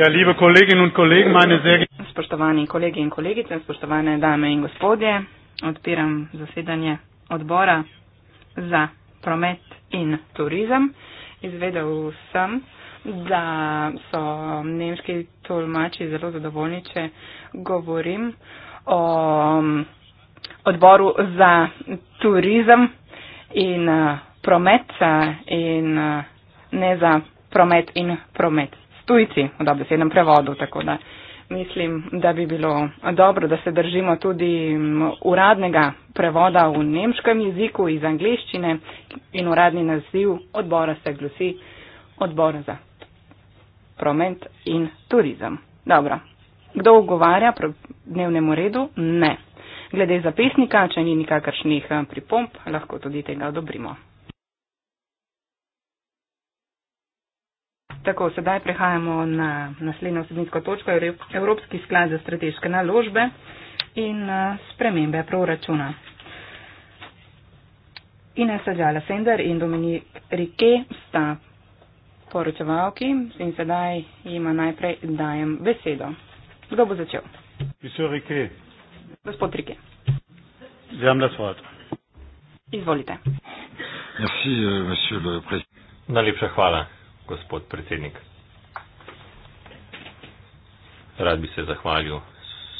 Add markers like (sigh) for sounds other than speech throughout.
Ja, liebe Kolleginnen und Kollegen, meine sehr Spoštovani kolegi in kolegice, spoštovane dame in gospodje, odpiram zasedanje odbora za promet in turizem. Izvedel sem, da so nemški tolmači zelo zadovoljni, če govorim o mm, odboru za turizem in eh, promet eh, in eh, ne za promet in promet tujci v dobesednem prevodu. Tako da mislim, da bi bilo dobro, da se držimo tudi uradnega prevoda v nemškem jeziku iz angliščine in uradni naziv odbora se glasi odbor za promet in turizem. Dobro. Kdo ogovarja dnevnemu redu? Ne. Glede zapisnika, če ni nikakršnih eh, pripomp, lahko tudi tega odobrimo. Tako, sedaj prehajamo na naslednjo vsebinsko točko, Evropski sklad za strateške naložbe in eh, spremembe proračuna. Inesa Džala Sender in Dominik Rike sta poročevalki in sedaj ima najprej dajem besedo. Kdo bo začel? Rike. Gospod Rike. Izvolite. Merci, euh, Najlepša hvala gospod predsednik. Rad bi se zahvalil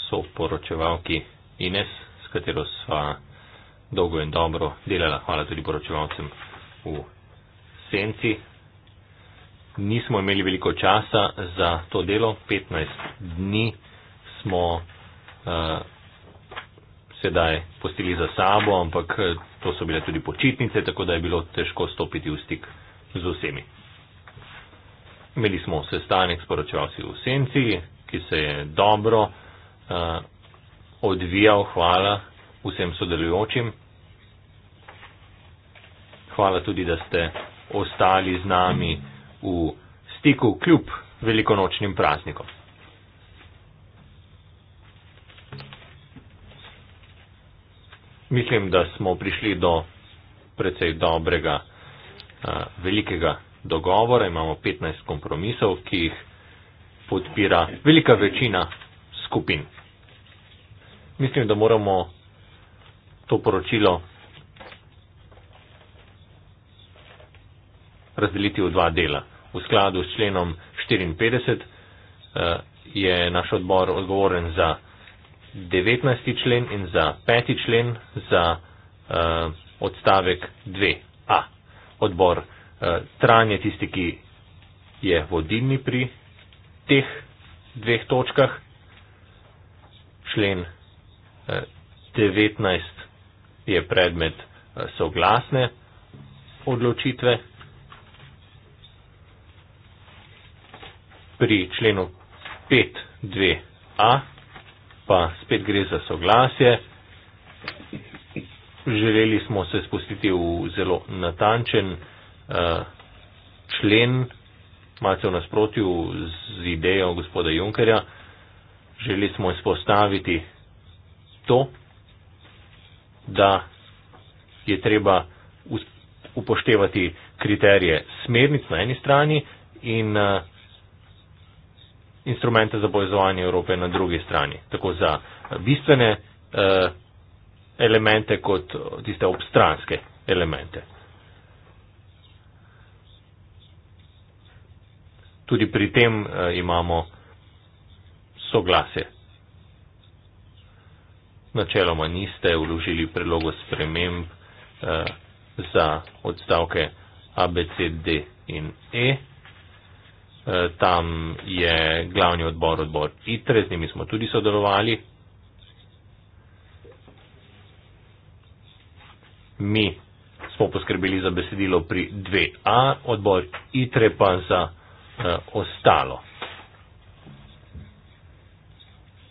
soporočevalki Ines, s katero sva dolgo in dobro delala. Hvala tudi poročevalcem v senci. Nismo imeli veliko časa za to delo, 15 dni smo uh, sedaj postili za sabo, ampak eh, to so bile tudi počitnice, tako da je bilo težko stopiti v stik z vsemi. Imeli smo sestanek s poročevalci v Senci, ki se je dobro uh, odvijal. Hvala vsem sodelujočim. Hvala tudi, da ste ostali z nami v stiku kljub velikonočnim praznikom. Mislim, da smo prišli do precej dobrega, uh, velikega dogovora, imamo 15 kompromisov, ki jih podpira velika večina skupin. Mislim, da moramo to poročilo razdeliti v dva dela. V skladu s členom 54 eh, je naš odbor odgovoren za 19. člen in za 5. člen za eh, odstavek 2a. Odbor Eh, Tran je tisti, ki je vodilni pri teh dveh točkah. Člen 19 eh, je predmet eh, soglasne odločitve. Pri členu 5.2a pa spet gre za soglasje. Želeli smo se spustiti v zelo natančen. Eh, člen, malce v nasprotju z idejo gospoda Junkerja, želeli smo izpostaviti to, da je treba upoštevati kriterije smernic na eni strani in eh, instrumente za povezovanje Evrope na drugi strani. Tako za bistvene eh, elemente kot tiste obstranske elemente. tudi pri tem eh, imamo soglasje. Načeloma niste vložili predlogo sprememb eh, za odstavke ABCD in E. Eh, tam je glavni odbor odbor ITRE, z njimi smo tudi sodelovali. Mi smo poskrbeli za besedilo pri 2A, odbor ITRE pa za Eh, ostalo.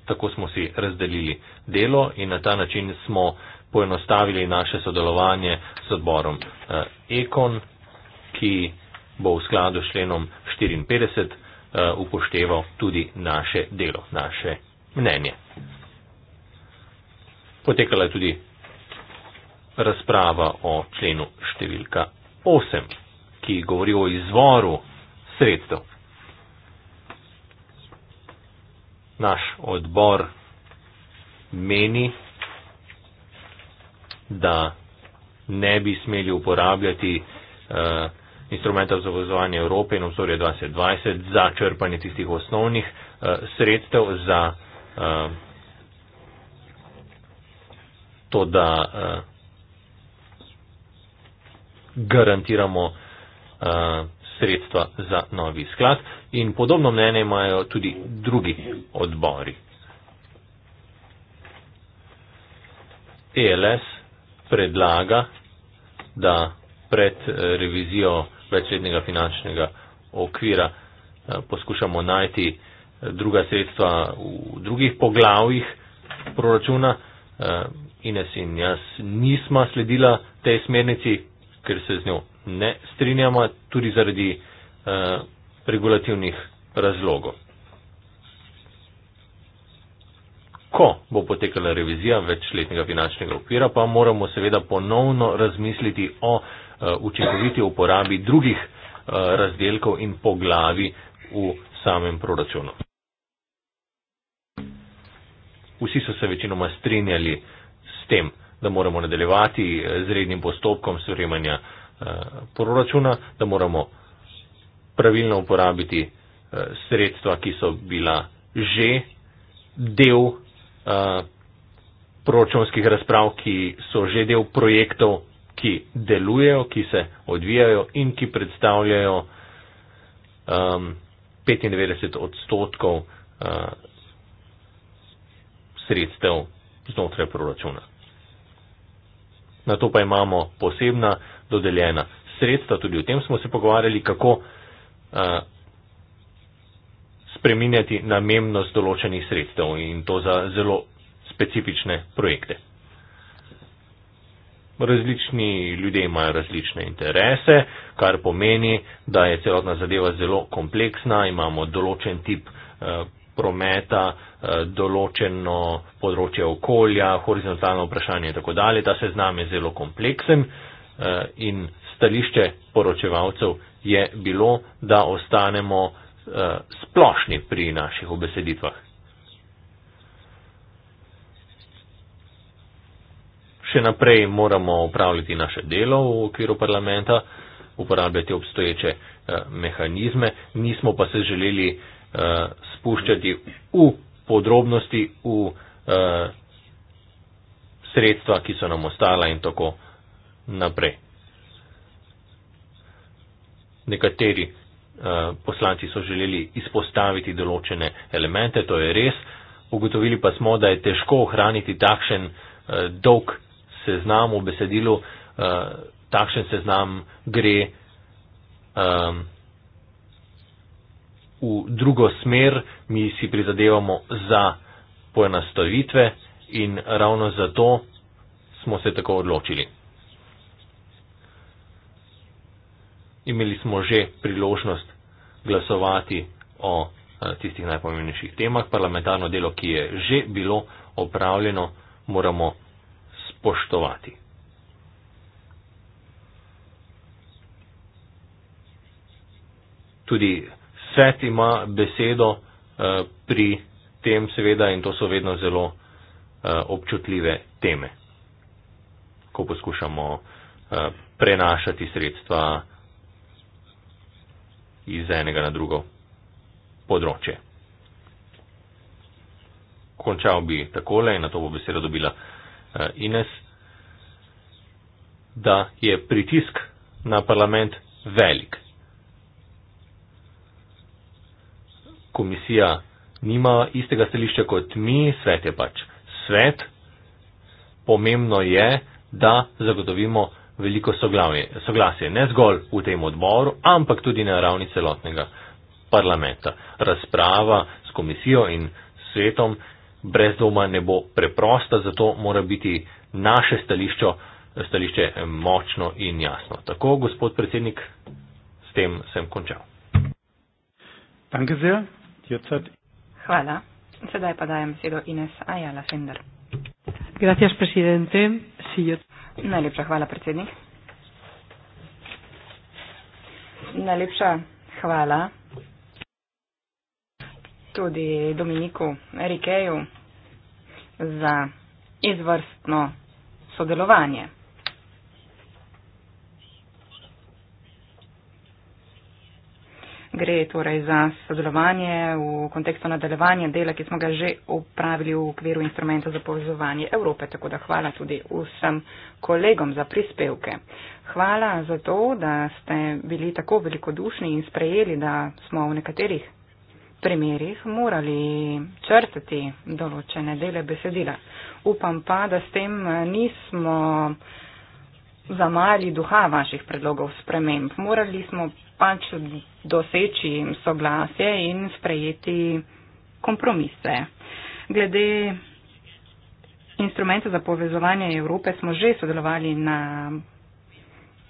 Tako smo si razdelili delo in na ta način smo poenostavili naše sodelovanje s odborom eh, Ekon, ki bo v skladu s členom 54 eh, upošteval tudi naše delo, naše mnenje. Potekala je tudi razprava o členu številka 8, ki govori o izvoru sredstev. Naš odbor meni, da ne bi smeli uporabljati uh, instrumentov za povezovanje Evrope in obzorje 2020 za črpanje tistih osnovnih uh, sredstev za uh, to, da uh, garantiramo uh, sredstva za novi sklad in podobno mnenje imajo tudi drugi odbori. ELS predlaga, da pred eh, revizijo večletnega finančnega okvira eh, poskušamo najti eh, druga sredstva v drugih poglavjih proračuna. Ines in jaz nisma sledila tej smernici, ker se z njo ne strinjamo, tudi zaradi eh, regulativnih razlogov. Ko bo potekala revizija večletnega finančnega okvira, pa moramo seveda ponovno razmisliti o eh, učinkoviti uporabi drugih eh, razdelkov in poglavi v samem proračunu. Vsi so se večinoma strinjali s tem, da moramo nadaljevati z rednim postopkom sprejemanja eh, proračuna, da moramo pravilno uporabiti eh, sredstva, ki so bila že del eh, proračunskih razprav, ki so že del projektov, ki delujejo, ki se odvijajo in ki predstavljajo 95 ehm, odstotkov sredstev znotraj proračuna na to pa imamo posebna dodeljena sredstva, tudi o tem smo se pogovarjali, kako uh, spreminjati namennost določenih sredstev in to za zelo specifične projekte. Različni ljudje imajo različne interese, kar pomeni, da je celotna zadeva zelo kompleksna, imamo določen tip uh, prometa, eh, določeno področje okolja, horizontalno vprašanje in tako dalje. Ta seznam je zelo kompleksen eh, in stališče poročevalcev je bilo, da ostanemo eh, splošni pri naših obeseditvah. Še naprej moramo upravljati naše delo v okviru parlamenta, uporabljati obstoječe mehanizme, nismo pa se želeli eh, uh, spuščati v podrobnosti, v uh, sredstva, ki so nam ostala in tako naprej. Nekateri uh, poslanci so želeli izpostaviti določene elemente, to je res. Ugotovili pa smo, da je težko ohraniti takšen uh, dolg seznam v besedilu. Uh, takšen seznam gre. Um, v drugo smer, mi si prizadevamo za poenostavitve in ravno zato smo se tako odločili. Imeli smo že priložnost glasovati o eh, tistih najpomembnejših temah. Parlamentarno delo, ki je že bilo opravljeno, moramo spoštovati. Tudi svet ima besedo eh, pri tem seveda in to so vedno zelo eh, občutljive teme, ko poskušamo eh, prenašati sredstva iz enega na drugo področje. Končal bi takole in na to bo beseda dobila Ines, da je pritisk na parlament velik. komisija nima istega stališča kot mi, svet je pač svet. Pomembno je, da zagotovimo veliko soglasje, ne zgolj v tem odboru, ampak tudi na ravni celotnega parlamenta. Razprava s komisijo in svetom brez doma ne bo preprosta, zato mora biti naše stališče, stališče močno in jasno. Tako, gospod predsednik, s tem sem končal. Danke sehr. Hvala. Sedaj pa dajem besedo Ines Ajala Fender. Gracias, presidente. Sí, yo... Najlepša hvala, predsednik. Najlepša hvala tudi Dominiku Erikeju za izvrstno sodelovanje. Gre torej za sodelovanje v kontekstu nadaljevanja dela, ki smo ga že upravili v okviru instrumenta za povezovanje Evrope, tako da hvala tudi vsem kolegom za prispevke. Hvala za to, da ste bili tako velikodušni in sprejeli, da smo v nekaterih primerjih morali črtati določene dele besedila. Upam pa, da s tem nismo zamali duha vaših predlogov sprememb. Morali smo pač doseči soglasje in sprejeti kompromise. Glede instrumenta za povezovanje Evrope smo že sodelovali na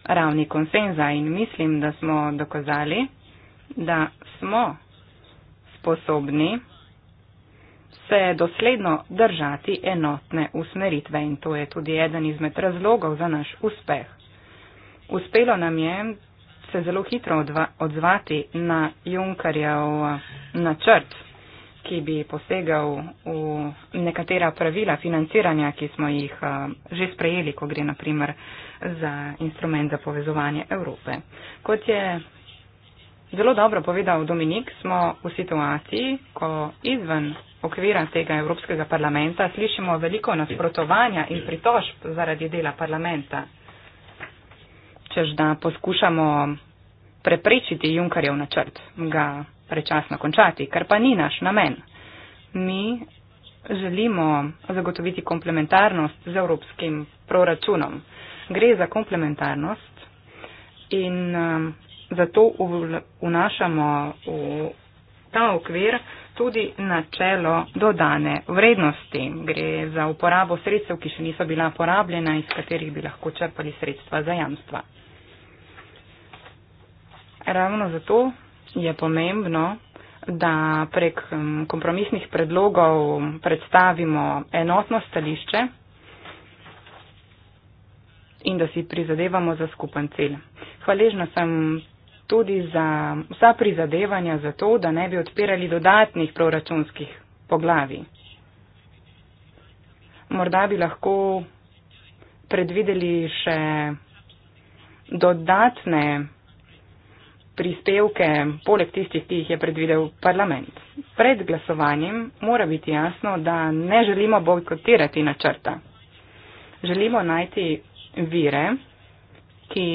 ravni konsenza in mislim, da smo dokazali, da smo sposobni se dosledno držati enotne usmeritve in to je tudi eden izmed razlogov za naš uspeh. Uspelo nam je se zelo hitro odzvati na Junkarjev eh, načrt, ki bi posegal v nekatera pravila financiranja, ki smo jih eh, že sprejeli, ko gre naprimer za instrument za povezovanje Evrope. Kot je zelo dobro povedal Dominik, smo v situaciji, ko izven okvira tega Evropskega parlamenta slišimo veliko nasprotovanja in pritožb zaradi dela parlamenta rečeš, da poskušamo preprečiti Junkarjev načrt, ga prečasno končati, kar pa ni naš namen. Mi želimo zagotoviti komplementarnost z evropskim proračunom. Gre za komplementarnost in um, zato vnašamo v ta okvir tudi načelo dodane vrednosti. Gre za uporabo sredstev, ki še niso bila porabljena, iz katerih bi lahko črpali sredstva za jamstva. Ravno zato je pomembno, da prek um, kompromisnih predlogov predstavimo enotno stališče in da si prizadevamo za skupen cilj. Hvaležna sem tudi za vsa prizadevanja za to, da ne bi odpirali dodatnih proračunskih poglavi. Morda bi lahko predvideli še dodatne prispevke, poleg tistih, ki jih je predvidel parlament. Pred glasovanjem mora biti jasno, da ne želimo bojkotirati načrta. Želimo najti vire, ki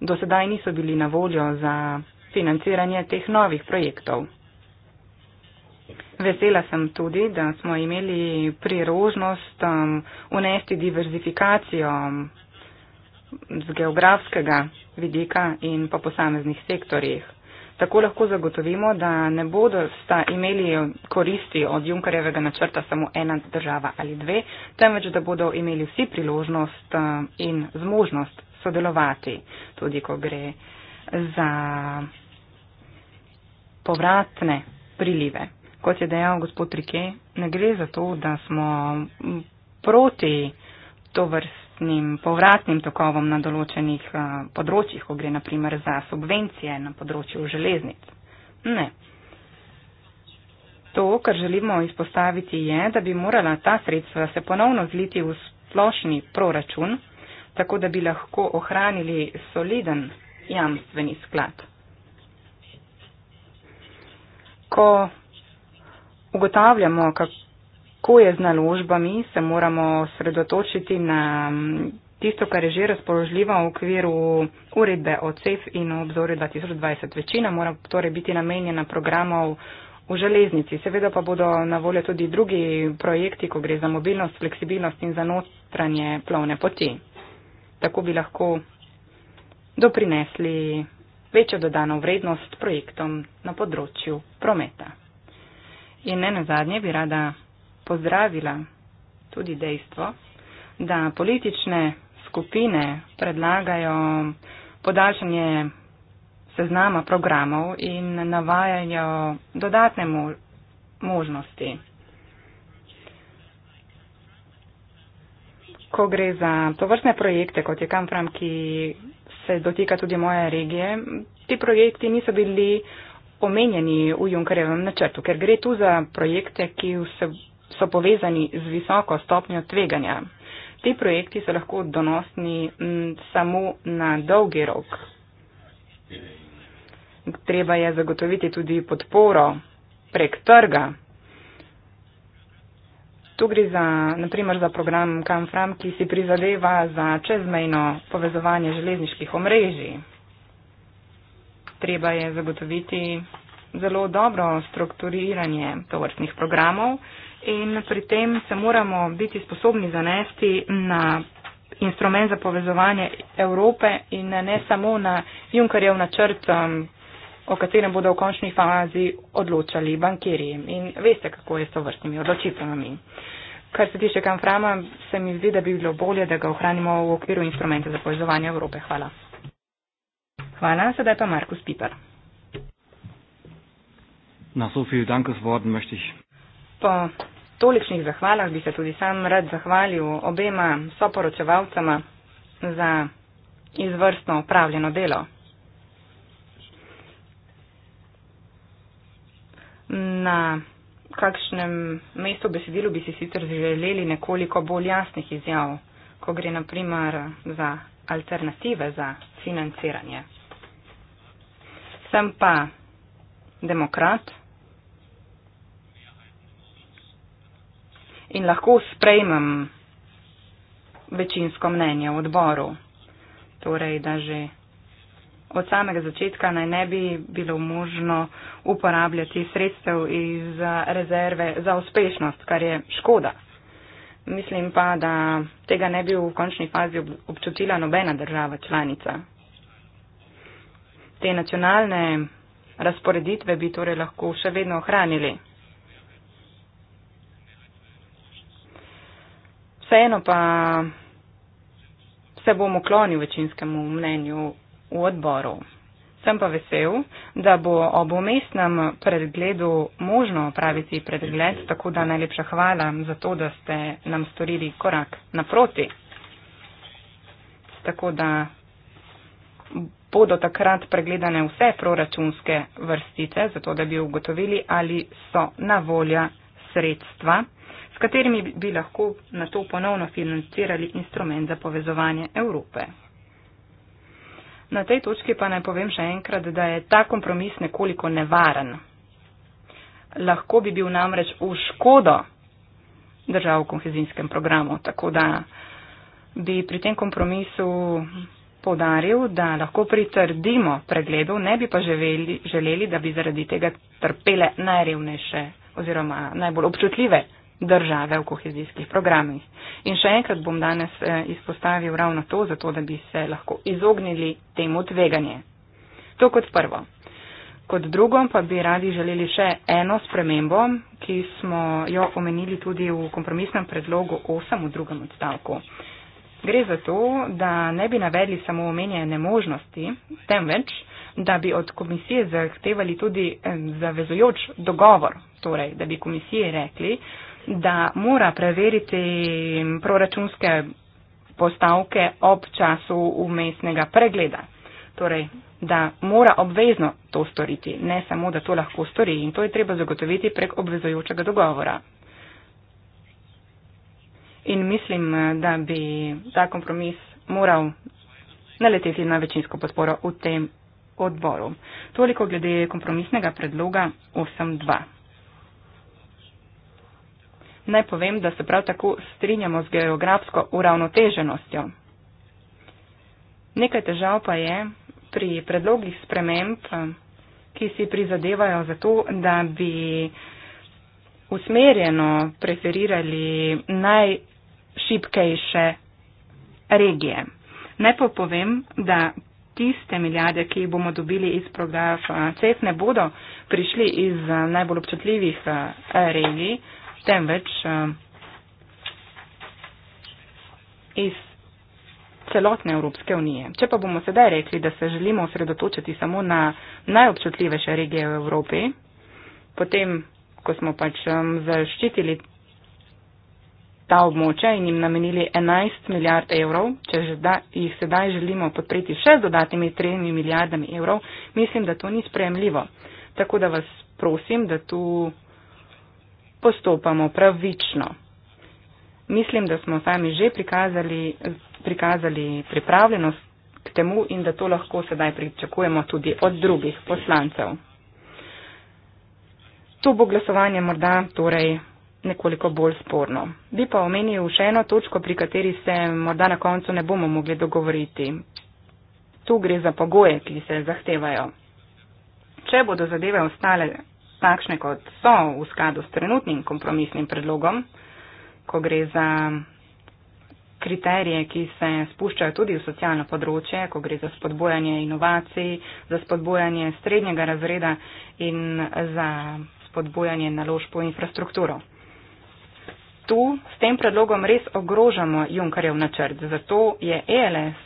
dosedaj niso bili na voljo za financiranje teh novih projektov. Vesela sem tudi, da smo imeli priložnost um, unesti diverzifikacijo z geografskega vidika in pa posameznih sektorjih. Tako lahko zagotovimo, da ne bodo sta imeli koristi od Junkarjevega načrta samo ena država ali dve, temveč da bodo imeli vsi priložnost eh, in zmožnost sodelovati, tudi ko gre za povratne prilive. Kot je dejal gospod Trike, ne gre za to, da smo proti to vrst povratnim, povratnim tokovom na določenih eh, področjih, ko gre naprimer za subvencije na področju železnic. Ne. To, kar želimo izpostaviti, je, da bi morala ta sredstva se ponovno zliti v splošni proračun, tako da bi lahko ohranili soliden jamstveni sklad. Ko ugotavljamo, kako Ko je z naložbami, se moramo sredotočiti na mm, tisto, kar je že razpoložljivo v okviru uredbe o CEF in o obzorju 2020. Večina mora torej biti namenjena programov v železnici. Seveda pa bodo na voljo tudi drugi projekti, ko gre za mobilnost, fleksibilnost in za notranje plovne poti. Tako bi lahko doprinesli večjo dodano vrednost projektom na področju prometa. In ne nazadnje bi rada pozdravila tudi dejstvo, da politične skupine predlagajo podaljšanje seznama programov in navajajo dodatne možnosti. Ko gre za tovrstne projekte, kot je Kamfram, ki se dotika tudi moje regije, ti projekti niso bili omenjeni v Junkerjevem načrtu, ker gre tu za projekte, ki vse so povezani z visoko stopnjo tveganja. Ti projekti so lahko donosni m, mm, samo na dolgi rok. Treba je zagotoviti tudi podporo prek trga. Tu gre za, naprimer, za program Kamfram, ki si prizadeva za čezmejno povezovanje železniških omrežij. Treba je zagotoviti zelo dobro strukturiranje tovrstnih programov, in pri tem se moramo biti sposobni zanesti na instrument za povezovanje Evrope in ne samo na Junkerjev načrt, um, o katerem bodo v končni fazi odločali bankirji. In veste, kako je s to vrstnimi odločitvami. Kar se tiče Kamframa, se mi zdi, da bi bilo bolje, da ga ohranimo v okviru instrumenta za povezovanje Evrope. Hvala. Hvala, sedaj pa Markus Piper. Na so viel Dankes worden möchte ich. Pa tolikšnih zahvalah bi se tudi sam rad zahvalil obema soporočevalcama za izvrstno upravljeno delo. Na kakšnem mestu besedilu bi si sicer želeli nekoliko bolj jasnih izjav, ko gre naprimer za alternative za financiranje. Sem pa demokrat. in lahko sprejmem večinsko mnenje v odboru. Torej, da že od samega začetka naj ne bi bilo možno uporabljati sredstev iz rezerve za uspešnost, kar je škoda. Mislim pa, da tega ne bi v končni fazi občutila nobena država članica. Te nacionalne razporeditve bi torej lahko še vedno ohranili. vseeno pa se bom oklonil večinskemu mnenju v odboru. Sem pa vesel, da bo ob omestnem predgledu možno opraviti predgled, tako da najlepša hvala za to, da ste nam storili korak naproti. Tako da bodo takrat pregledane vse proračunske vrstice, zato da bi ugotovili, ali so na volja sredstva, katerimi bi lahko na to ponovno financirali instrument za povezovanje Evrope. Na tej točki pa naj povem še enkrat, da je ta kompromis nekoliko nevaren. Lahko bi bil namreč v škodo držav v kohezijskem programu, tako da bi pri tem kompromisu podaril, da lahko pritrdimo pregledu, ne bi pa želeli, želeli, da bi zaradi tega trpele najrevnejše oziroma najbolj občutljive države v kohezijskih programih. In še enkrat bom danes eh, izpostavil ravno to, zato da bi se lahko izognili temu tveganje. To kot prvo. Kot drugo pa bi radi želeli še eno spremembo, ki smo jo omenili tudi v kompromisnem predlogu 8 v drugem odstavku. Gre za to, da ne bi navedli samo omenjene možnosti, temveč, da bi od komisije zahtevali tudi eh, zavezojoč dogovor, torej, da bi komisiji rekli, da mora preveriti proračunske postavke ob času umestnega pregleda. Torej, da mora obvezno to storiti, ne samo, da to lahko stori in to je treba zagotoviti prek obvezojočega dogovora. In mislim, da bi ta kompromis moral naleteti na večinsko podporo v tem odboru. Toliko glede kompromisnega predloga 82 naj povem, da se prav tako strinjamo z geografsko uravnoteženostjo. Nekaj težav pa je pri predlogih sprememb, ki si prizadevajo za to, da bi usmerjeno preferirali najšipkejše regije. Naj pa povem, da tiste milijarde, ki jih bomo dobili iz programa CEF, ne bodo prišli iz eh, najbolj občutljivih eh, regij, temveč eh, iz celotne Evropske unije. Če pa bomo sedaj rekli, da se želimo osredotočiti samo na najobčutljivejše regije v Evropi, potem, ko smo pač zaščitili ta območja in jim namenili 11 milijard evrov, če jih sedaj želimo podpreti še z dodatnimi 3 milijardami evrov, mislim, da to ni sprejemljivo. Tako da vas prosim, da tu postopamo pravično. Mislim, da smo sami že prikazali, prikazali pripravljenost k temu in da to lahko sedaj pričakujemo tudi od drugih poslancev. Tu bo glasovanje morda torej nekoliko bolj sporno. Bi pa omenil še eno točko, pri kateri se morda na koncu ne bomo mogli dogovoriti. Tu gre za pogoje, ki se zahtevajo. Če bodo zadeve ostale takšne, kot so v skladu s trenutnim kompromisnim predlogom, ko gre za kriterije, ki se spuščajo tudi v socialno področje, ko gre za spodbojanje inovacij, za spodbojanje srednjega razreda in za spodbojanje naložb v infrastrukturo. Tu s tem predlogom res ogrožamo Junkarjev načrt, zato je ELS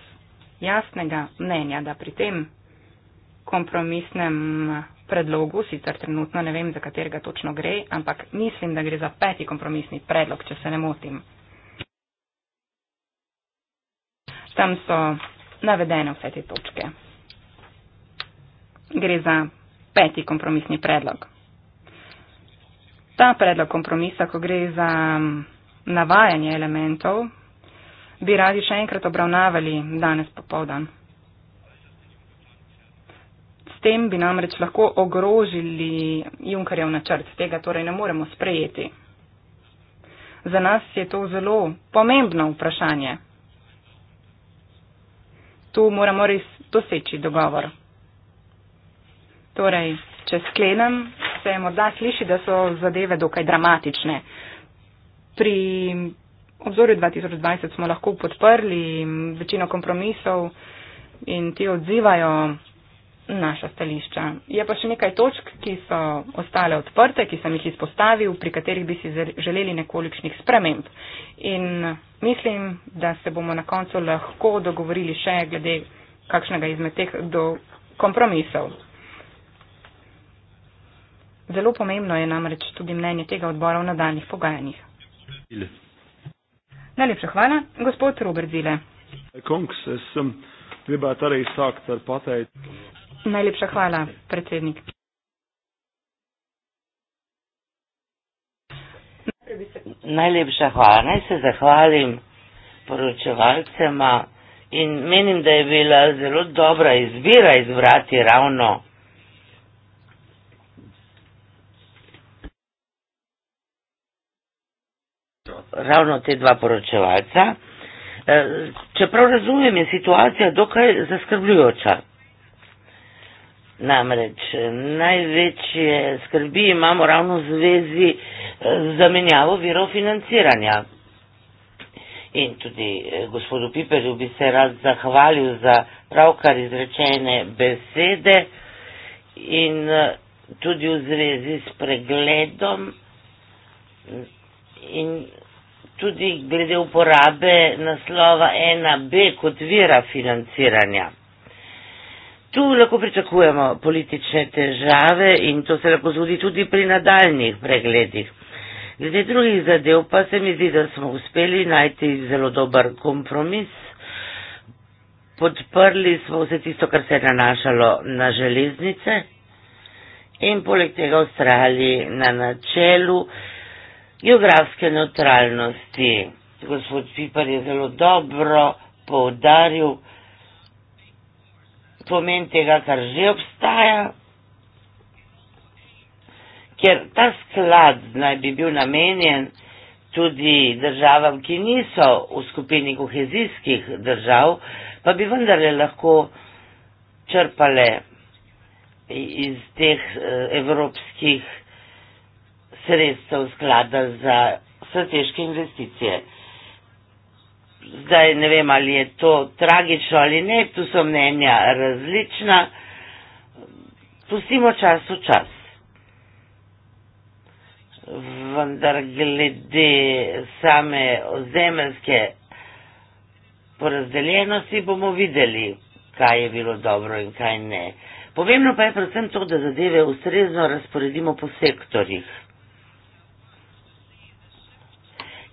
jasnega mnenja, da pri tem kompromisnem predlogu, sicer trenutno ne vem, za katerega točno gre, ampak mislim, da gre za peti kompromisni predlog, če se ne motim. Tam so navedene vse te točke. Gre za peti kompromisni predlog. Ta predlog kompromisa, ko gre za mm, navajanje elementov, bi radi še enkrat obravnavali danes popovdan tem bi namreč lahko ogrožili Junkarjev načrt, tega torej ne moremo sprejeti. Za nas je to zelo pomembno vprašanje. Tu moramo res doseči dogovor. Torej, če sklenem, se morda sliši, da so zadeve dokaj dramatične. Pri obzorju 2020 smo lahko podprli večino kompromisov in ti odzivajo naša stališča. Je pa še nekaj točk, ki so ostale odprte, ki sem jih izpostavil, pri katerih bi si želeli nekolikšnih sprememb. In mislim, da se bomo na koncu lahko dogovorili še glede kakšnega izmed teh do kompromisov. Zelo pomembno je namreč tudi mnenje tega odbora v nadaljnih pogajanjih. Zile. Najlepša hvala, gospod Robert Zile. Kongs, Najlepša hvala, predsednik. Najlepša hvala. Naj se zahvalim poročevalcema in menim, da je bila zelo dobra izbira izbrati ravno. Ravno te dva poročevalca. Eh, čeprav razumem, je situacija dokaj zaskrbljujoča. Namreč največje skrbi imamo ravno v zvezi eh, z zamenjavo virov financiranja. In tudi eh, gospodu Piperju bi se rad zahvalil za pravkar izrečene besede in eh, tudi v zvezi s pregledom in tudi glede uporabe naslova 1B kot vira financiranja. Tu lahko pričakujemo politične težave in to se lahko zgodi tudi pri nadaljnih pregledih. Glede drugih zadev pa se mi zdi, da smo uspeli najti zelo dober kompromis. Podprli smo vse tisto, kar se je nanašalo na železnice in poleg tega ustrajali na načelu geografske neutralnosti. Gospod Pipar je zelo dobro poudaril, pomen tega, kar že obstaja, ker ta sklad naj bi bil namenjen tudi državam, ki niso v skupini kohezijskih držav, pa bi vendarle lahko črpale iz teh eh, evropskih sredstev sklada za strateške investicije zdaj ne vem, ali je to tragično ali ne, tu so mnenja različna. Pustimo čas v čas. Vendar glede same ozemeljske porazdeljenosti bomo videli, kaj je bilo dobro in kaj ne. Pomembno pa je predvsem to, da zadeve ustrezno razporedimo po sektorjih.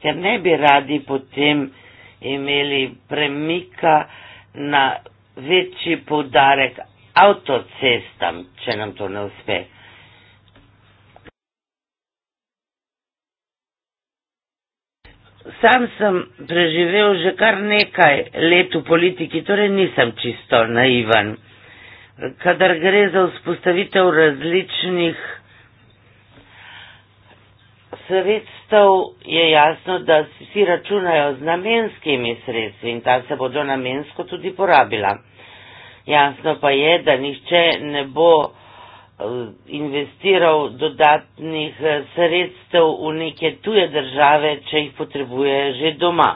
Ker ne bi radi potem imeli premika na večji poudarek avtocestam, če nam to ne uspe. Sam sem preživel že kar nekaj let v politiki, torej nisem čisto naivan. Kadar gre za vzpostavitev različnih sredstev je jasno, da vsi računajo z namenskimi sredstvi in ta se bodo namensko tudi porabila. Jasno pa je, da nihče ne bo eh, investiral dodatnih eh, sredstev v neke tuje države, če jih potrebuje že doma.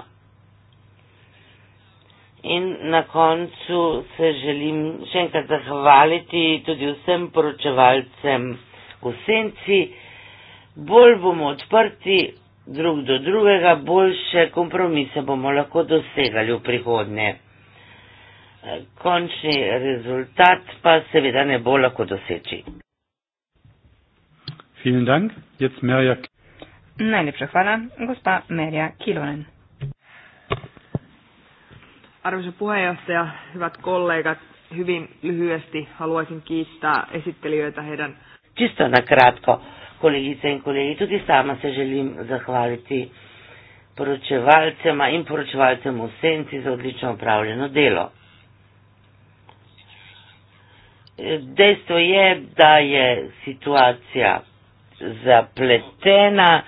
In na koncu se želim še enkrat zahvaliti tudi vsem poročevalcem v senci bolj bomo odprti drug do drugega, boljše kompromise bomo lahko dosegali v prihodnje. E, končni rezultat pa seveda ne bo lahko doseči. Dank. Jetzt Merja... Najlepša hvala, gospa Merja Kilonen. Arvoisa puheenjohtaja, hyvät kollegat, hyvin lyhyesti haluaisin kiittää esittelijöitä heidän... Kiitos na kratko kolegice in kolegi, tudi sama se želim zahvaliti poročevalcema in poročevalcem v senci za odlično upravljeno delo. Dejstvo je, da je situacija zapletena,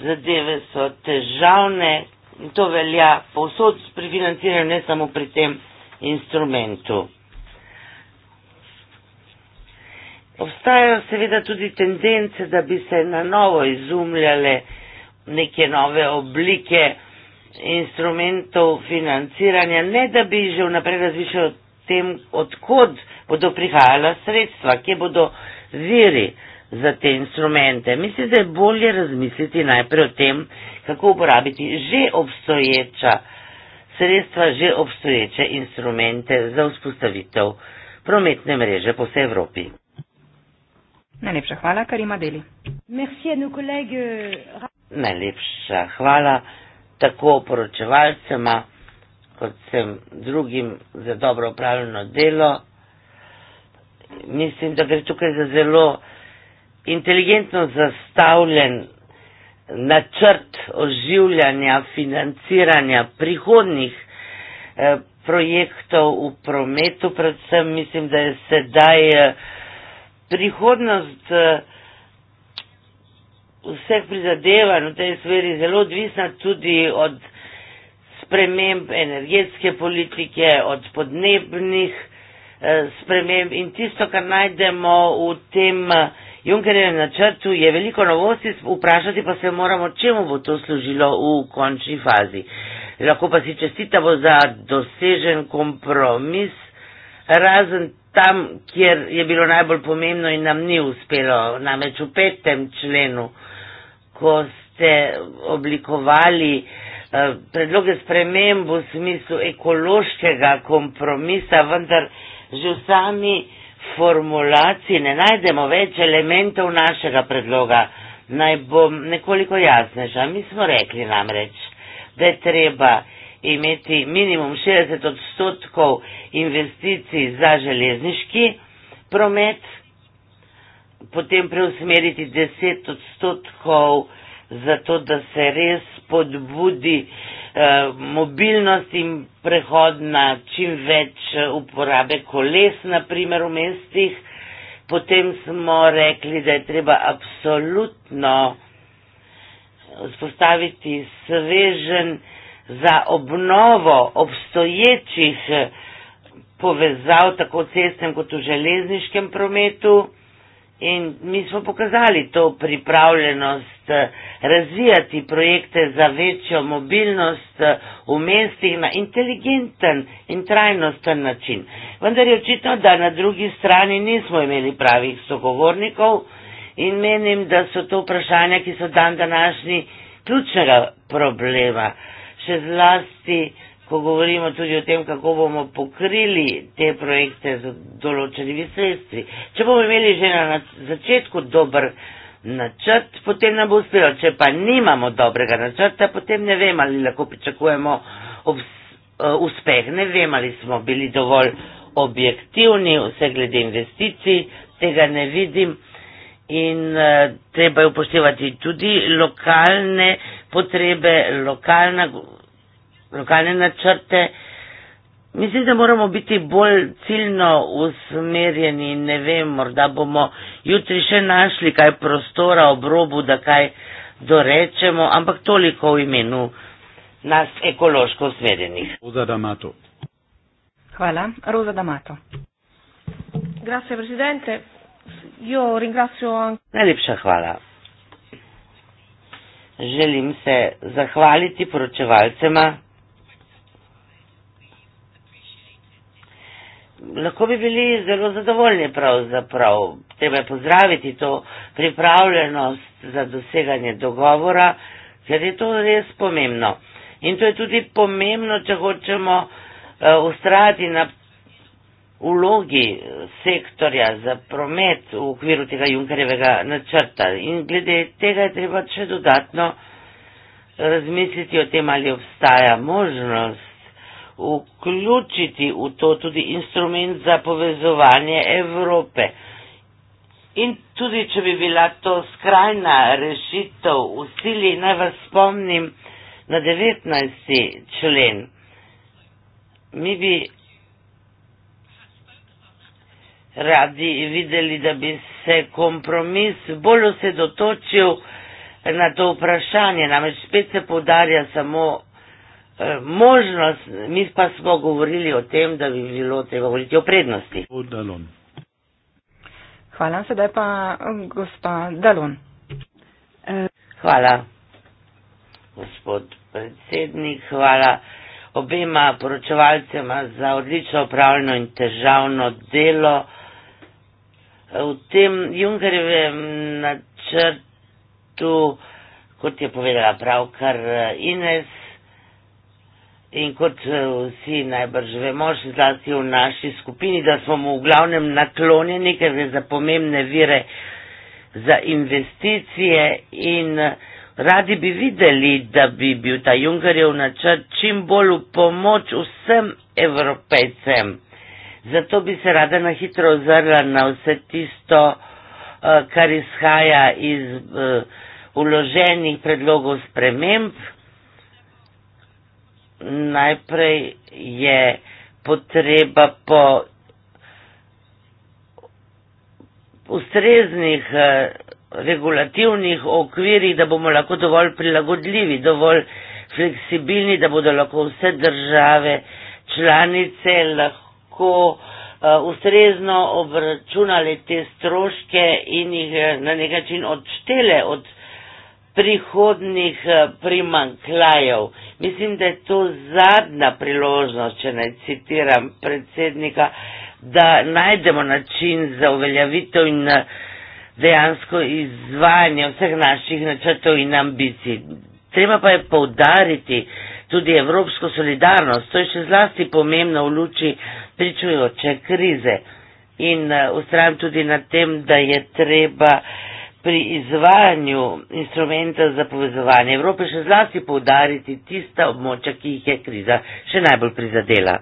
zadeve so težavne in to velja povsod pri financiranju, ne samo pri tem instrumentu. Obstajajo seveda tudi tendence, da bi se na novo izumljale neke nove oblike instrumentov financiranja, ne da bi že vnaprej razmišljali o tem, odkud bodo prihajala sredstva, kje bodo viri za te instrumente. Mislim, da je bolje razmisliti najprej o tem, kako uporabiti že obstoječa sredstva, že obstoječe instrumente za vzpostavitev prometne mreže po vsej Evropi. Najlepša hvala, Karima Deli. Euh, Najlepša hvala tako poročevalcema, kot sem drugim za dobro upravljeno delo. Mislim, da gre tukaj za zelo inteligentno zastavljen načrt oživljanja, financiranja prihodnih eh, projektov v prometu. Predvsem mislim, da je sedaj. Eh, prihodnost eh, vseh prizadevanj v tej sferi zelo odvisna tudi od sprememb energetske politike, od podnebnih eh, sprememb in tisto, kar najdemo v tem eh, Junkerjevem načrtu, je veliko novosti, vprašati pa se moramo, čemu bo to služilo v končni fazi. Lahko pa si čestitamo za dosežen kompromis, razen tam, kjer je bilo najbolj pomembno in nam ni uspelo, namreč v petem členu, ko ste oblikovali eh, predloge sprememb v smislu ekološkega kompromisa, vendar že v sami formulaciji ne najdemo več elementov našega predloga. Naj bom nekoliko jasnejša. Mi smo rekli namreč, da je treba imeti minimum 60 odstotkov investicij za železniški promet, potem preusmeriti 10 odstotkov za to, da se res podbudi eh, mobilnost in prehod na čim več eh, uporabe koles, naprimer v mestih. Potem smo rekli, da je treba absolutno vzpostaviti svežen za obnovo obstoječih eh, povezav tako v cestnem kot v železniškem prometu in mi smo pokazali to pripravljenost eh, razvijati projekte za večjo mobilnost eh, v mestih na inteligenten in trajnosten način. Vendar je očitno, da na drugi strani nismo imeli pravih sogovornikov in menim, da so to vprašanja, ki so dan današnji ključnega problema še zlasti, ko govorimo tudi o tem, kako bomo pokrili te projekte z določenimi sredstvi. Če bomo imeli že na začetku dober načrt, potem nam bo uspelo. Če pa nimamo dobrega načrta, potem ne vemo, ali lahko pričakujemo eh, uspeh. Ne vemo, ali smo bili dovolj objektivni, vse glede investicij, tega ne vidim in eh, treba je upoštevati tudi lokalne potrebe, lokalna, lokalne načrte. Mislim, da moramo biti bolj ciljno usmerjeni, ne vem, morda bomo jutri še našli kaj prostora ob robu, da kaj dorečemo, ampak toliko v imenu nas ekološko usmerjenih. Roza Damato. Hvala, Roza Damato. Grazie Presidente. Jo, ringracio. Najlepša hvala. Želim se zahvaliti poročevalcema. Lahko bi bili zelo zadovoljni pravzaprav. Treba je pozdraviti to pripravljenost za doseganje dogovora, ker je to res pomembno. In to je tudi pomembno, če hočemo uh, eh, ustrati na vlogi sektorja za promet v okviru tega Junkarjevega načrta. In glede tega je treba še dodatno eh, razmisliti o tem, ali obstaja možnost vključiti v to tudi instrument za povezovanje Evrope. In tudi, če bi bila to skrajna rešitev v sili, naj vas spomnim na 19. člen. Mi bi radi videli, da bi se kompromis bolj osredotočil na to vprašanje. Namreč spet se podarja samo eh, možnost, mi pa smo govorili o tem, da bi bilo treba govoriti o prednosti. Hvala, sedaj pa gospa Dalon. Eh. Hvala, gospod predsednik, hvala obema poročevalcema za odlično upravljeno in težavno delo v tem Junkerjevem načrtu, kot je povedala pravkar eh, Ines in kot eh, vsi najbrž vemo, še zlasti v naši skupini, da smo mu v glavnem naklonjeni, ker gre za pomembne vire za investicije in eh, radi bi videli, da bi bil ta Junkerjev načrt čim bolj v pomoč vsem evropejcem. Zato bi se rada na hitro ozrla na vse tisto, eh, kar izhaja iz uloženih eh, predlogov sprememb. Najprej je potreba po ustreznih eh, regulativnih okvirih, da bomo lahko dovolj prilagodljivi, dovolj fleksibilni, da bodo lahko vse države članice lahko lahko eh, ustrezno obračunale te stroške in jih eh, na nek način odštele od prihodnih eh, primanklajev. Mislim, da je to zadnja priložnost, če naj citiram predsednika, da najdemo način za uveljavitev in dejansko izvajanje vseh naših načrtov in ambicij. Treba pa je povdariti, tudi evropsko solidarnost. To je še zlasti pomembno v luči pričujoče krize. In ustrajam eh, tudi na tem, da je treba pri izvajanju instrumenta za povezovanje Evrope še zlasti poudariti tista območja, ki jih je kriza še najbolj prizadela.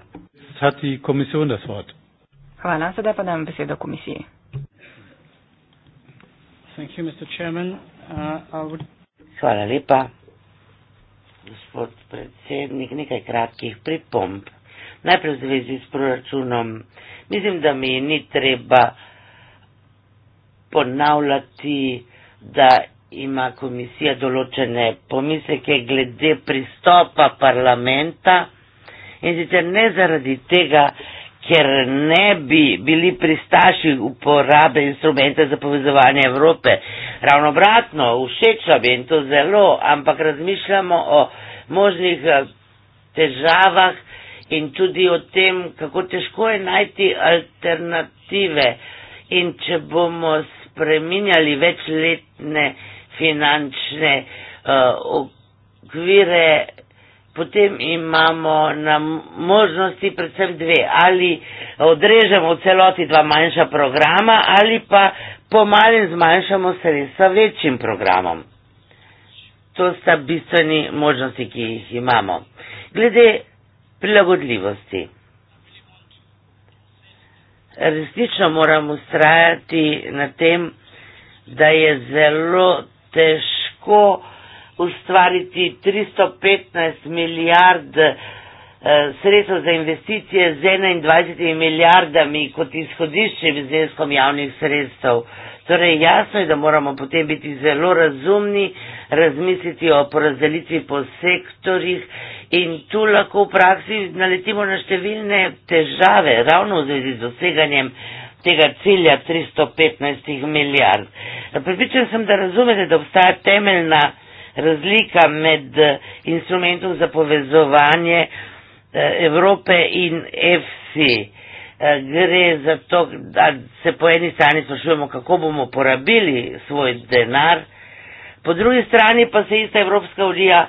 Hvala, sedaj pa dam besedo komisiji. Uh, Hvala lepa gospod predsednik, nekaj kratkih pripomb. Najprej v zvezi s proračunom. Mislim, da mi ni treba ponavljati, da ima komisija določene pomisleke glede pristopa parlamenta in sicer ne zaradi tega, ker ne bi bili pristaši uporabe instrumenta za povezovanje Evrope. Ravno obratno, všečam in to zelo, ampak razmišljamo o možnih eh, težavah in tudi o tem, kako težko je najti alternative. In če bomo spreminjali večletne finančne uh, okvire, potem imamo na možnosti predvsem dve. Ali odrežemo v celoti dva manjša programa ali pa pomalim zmanjšamo sredstva večjim programom to sta bistveni možnosti, ki jih imamo. Glede prilagodljivosti. Resnično moramo ustrajati na tem, da je zelo težko ustvariti 315 milijard eh, sredstev za investicije z 21 milijardami kot izhodiščem zneskom javnih sredstev. Torej, jasno je, da moramo potem biti zelo razumni, razmisliti o porazdelitvi po sektorjih in tu lahko v praksi naletimo na številne težave, ravno v zvezi z doseganjem tega cilja 315 milijard. Pripričan sem, da razumete, da obstaja temeljna razlika med eh, instrumentom za povezovanje eh, Evrope in FC. Eh, gre za to, da se po eni strani sprašujemo, kako bomo porabili svoj denar, po drugi strani pa se ista Evropska unija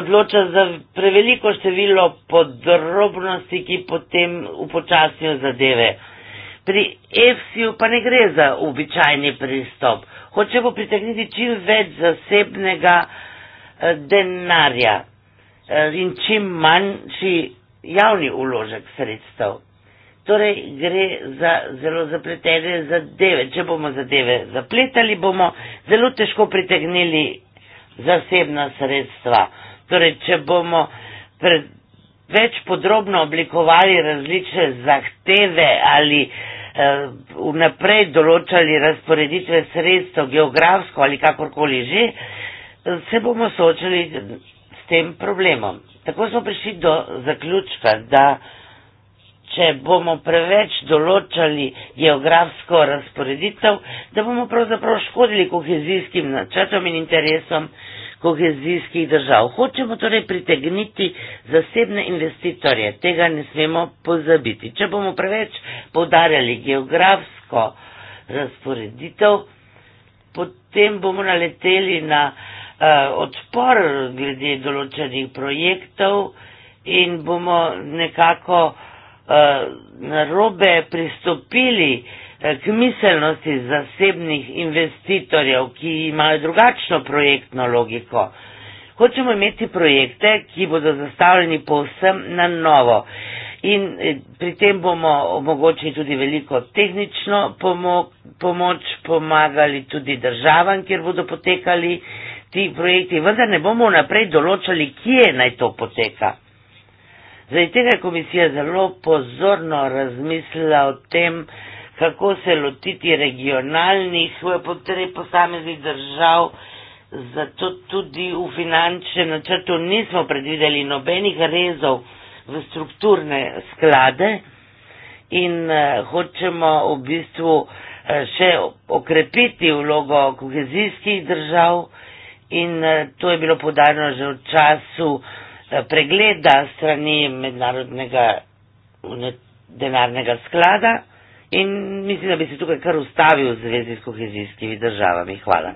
odloča za preveliko število podrobnosti, ki potem upočasnijo zadeve. Pri EFSI-ju pa ne gre za običajni pristop. Hočemo pritegniti čim več zasebnega eh, denarja eh, in čim manjši javni uložek sredstev. Torej, gre za zelo zapletene zadeve. Če bomo zadeve zapletali, bomo zelo težko pritegnili zasebna sredstva. Torej, če bomo preveč podrobno oblikovali različne zahteve ali eh, vnaprej določali razporeditve sredstev, geografsko ali kakorkoli že, se bomo soočali s tem problemom. Tako smo prišli do zaključka, da če bomo preveč določali geografsko razporeditev, da bomo pravzaprav škodili kohezijskim načrtom in interesom kohezijskih držav. Hočemo torej pritegniti zasebne investitorje, tega ne smemo pozabiti. Če bomo preveč podarjali geografsko razporeditev, potem bomo naleteli na uh, odpor glede določenih projektov in bomo nekako uh, Eh, narobe pristopili eh, k miselnosti zasebnih investitorjev, ki imajo drugačno projektno logiko. Hočemo imeti projekte, ki bodo zastavljeni povsem na novo. In eh, pri tem bomo omogočili tudi veliko tehnično pomo pomoč, pomagali tudi državam, kjer bodo potekali ti projekti, vendar ne bomo naprej določali, kje naj to poteka. Zdaj, tega je komisija zelo pozorno razmislila o tem, kako se lotiti regionalnih potreb posameznih držav, zato tudi v finančnem načrtu nismo predvideli nobenih rezov v strukturne sklade in uh, hočemo v bistvu uh, še okrepiti vlogo kohezijskih držav in uh, to je bilo podarjeno že v času pregleda strani mednarodnega denarnega sklada in mislim, da bi se tukaj kar ustavil v zvezi s kohezijskimi državami. Hvala.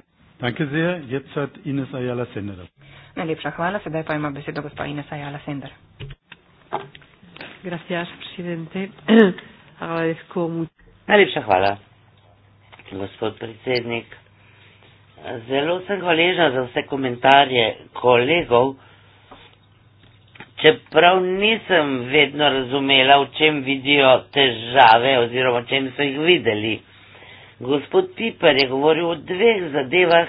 Najlepša hvala, sedaj pa ima besedo gospa Ines Ajala Sender. (clears throat) Najlepša hvala, gospod predsednik. Zelo sem hvaležna za vse komentarje kolegov čeprav nisem vedno razumela, v čem vidijo težave oziroma v čem so jih videli. Gospod Piper je govoril o dveh zadevah,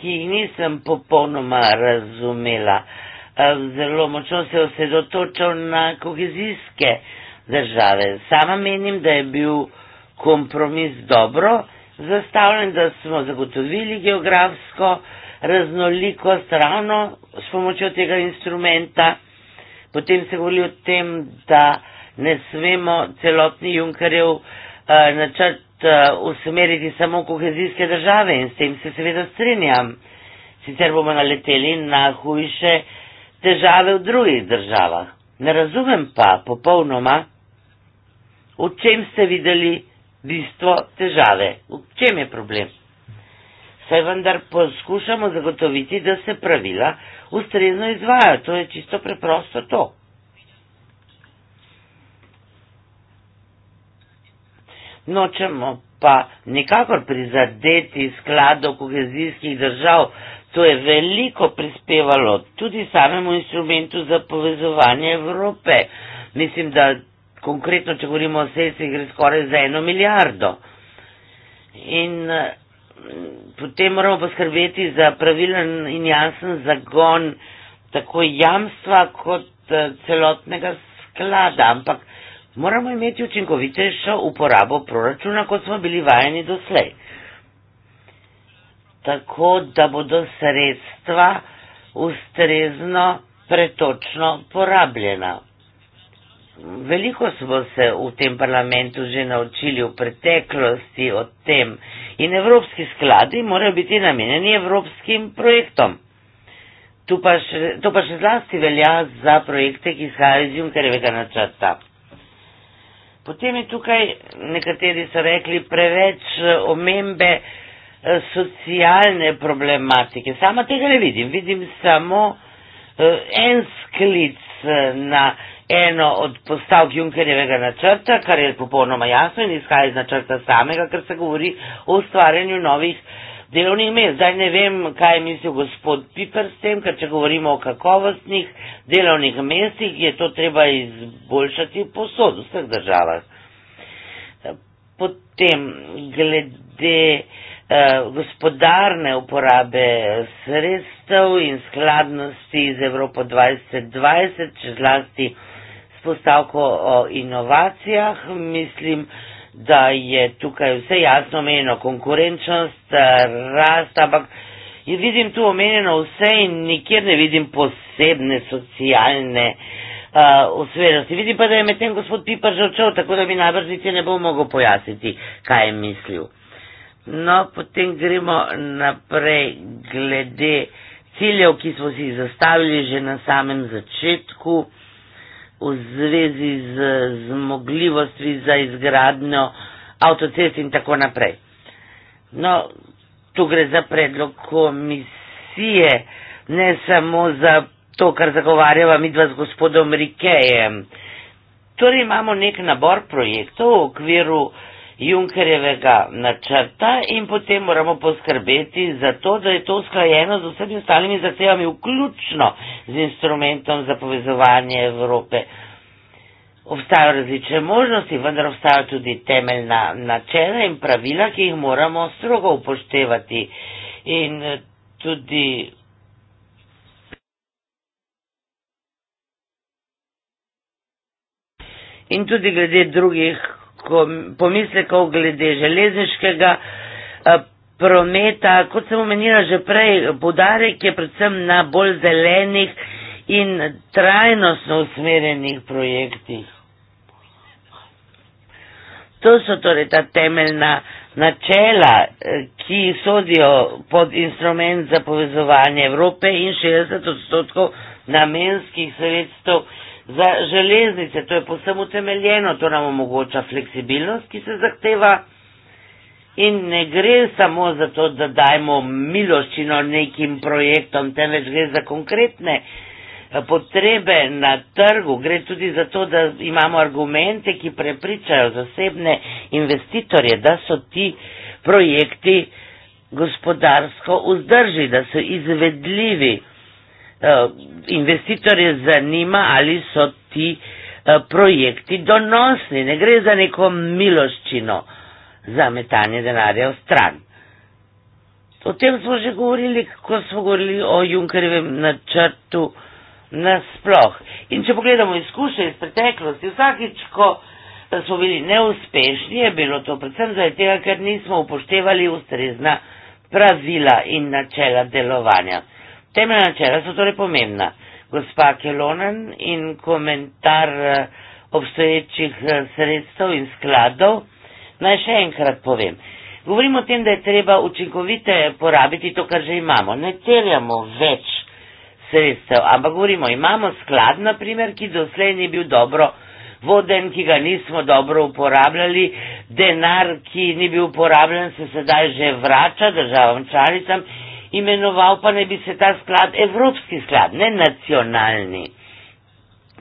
ki jih nisem popolnoma razumela. Zelo močno se je osredotočal na kohezijske države. Sama menim, da je bil kompromis dobro zastavljen, da smo zagotovili geografsko raznolikost ravno s pomočjo tega instrumenta potem se govori o tem, da ne smemo celotni Junkarjev eh, načrt eh, usmeriti samo v kohezijske države in s tem se seveda strinjam. Sicer bomo naleteli na hujše težave v drugih državah. Ne razumem pa popolnoma, v čem ste videli bistvo težave, v čem je problem saj vendar poskušamo zagotoviti, da se pravila ustrezno izvajajo. To je čisto preprosto to. Nočemo pa nikakor prizadeti skladov kohezijskih držav, to je veliko prispevalo tudi samemu instrumentu za povezovanje Evrope. Mislim, da konkretno, če govorimo o sredstvih, gre skoraj za eno milijardo. In eh, potem moramo poskrbeti za pravilen in jasen zagon tako jamstva kot eh, celotnega sklada, ampak moramo imeti učinkovitejšo uporabo proračuna, kot smo bili vajeni doslej. Tako, da bodo sredstva ustrezno pretočno porabljena. Veliko smo se v tem parlamentu že naučili v preteklosti o tem in evropski skladi morajo biti namenjeni evropskim projektom. Pa še, to pa še zlasti velja za projekte, ki izhajajo iz Junkerjevega načrta. Potem je tukaj, nekateri so rekli, preveč eh, omembe eh, socialne problematike. Sama tega ne vidim. Vidim samo eh, en sklic na eno od postavk Junkerjevega načrta, kar je popolnoma jasno in izhaja iz načrta samega, ker se govori o ustvarjanju novih delovnih mest. Zdaj ne vem, kaj je mislil gospod Piper s tem, ker če govorimo o kakovostnih delovnih mestih, je to treba izboljšati posod v vseh državah. Potem, glede eh, gospodarne uporabe sredstev in skladnosti z Evropo 2020, če zlasti postavko o inovacijah. Mislim, da je tukaj vse jasno omenjeno, konkurenčnost, rast, ampak vidim tu omenjeno vse in nikjer ne vidim posebne socialne uh, eh, usmerjenosti. Vidim pa, da je medtem gospod Pipa že odšel, tako da mi najbrž niti ne bo mogel pojasniti, kaj je mislil. No, potem gremo naprej glede ciljev, ki smo si jih zastavili že na samem začetku v zvezi z zmogljivostvi za izgradnjo avtocest in tako naprej. No, tu gre za predlog komisije, ne samo za to, kar zagovarjava midva z gospodom Rikejem. Torej imamo nek nabor projektov v okviru Junkerjevega načrta in potem moramo poskrbeti za to, da je to usklajeno z vsemi ostalimi zahtevami, vključno z instrumentom za povezovanje Evrope. Obstajajo različne možnosti, vendar obstajajo tudi temeljna načela in pravila, ki jih moramo strogo upoštevati. In eh, tudi In tudi glede drugih pomislekov glede železniškega eh, prometa. Kot sem omenila že prej, podarek je predvsem na bolj zelenih in trajnostno usmerjenih projektih. To so torej ta temeljna načela, eh, ki sodijo pod instrument za povezovanje Evrope in 60 odstotkov namenskih sredstev. Za železnice to je posebno utemeljeno, to nam omogoča fleksibilnost, ki se zahteva. In ne gre samo za to, da dajemo miloščino nekim projektom, temveč gre za konkretne eh, potrebe na trgu. Gre tudi za to, da imamo argumente, ki prepričajo zasebne investitorje, da so ti projekti gospodarsko vzdrži, da so izvedljivi. Eh, investitore zanima ali so ti eh, projekti donosni, ne gre za neko miloščino za metanje denarja v stran. O tem smo že govorili, ko smo govorili o Junkerjevem načrtu nasploh. In če pogledamo izkušnje iz preteklosti, vsakič, ko eh, smo bili neuspešni, je bilo to predvsem zaradi tega, ker nismo upoštevali ustrezna pravila in načela delovanja. Temeljna načela so torej pomembna. Gospa Kelonen in komentar eh, obstoječih eh, sredstev in skladov. Naj še enkrat povem. Govorim o tem, da je treba učinkovite porabiti to, kar že imamo. Ne terjamo več sredstev, ampak govorimo, imamo sklad, na primer, ki doslej ni bil dobro voden, ki ga nismo dobro uporabljali, denar, ki ni bil uporabljen, se sedaj že vrača državam članicam imenoval pa ne bi se ta sklad Evropski sklad, ne nacionalni.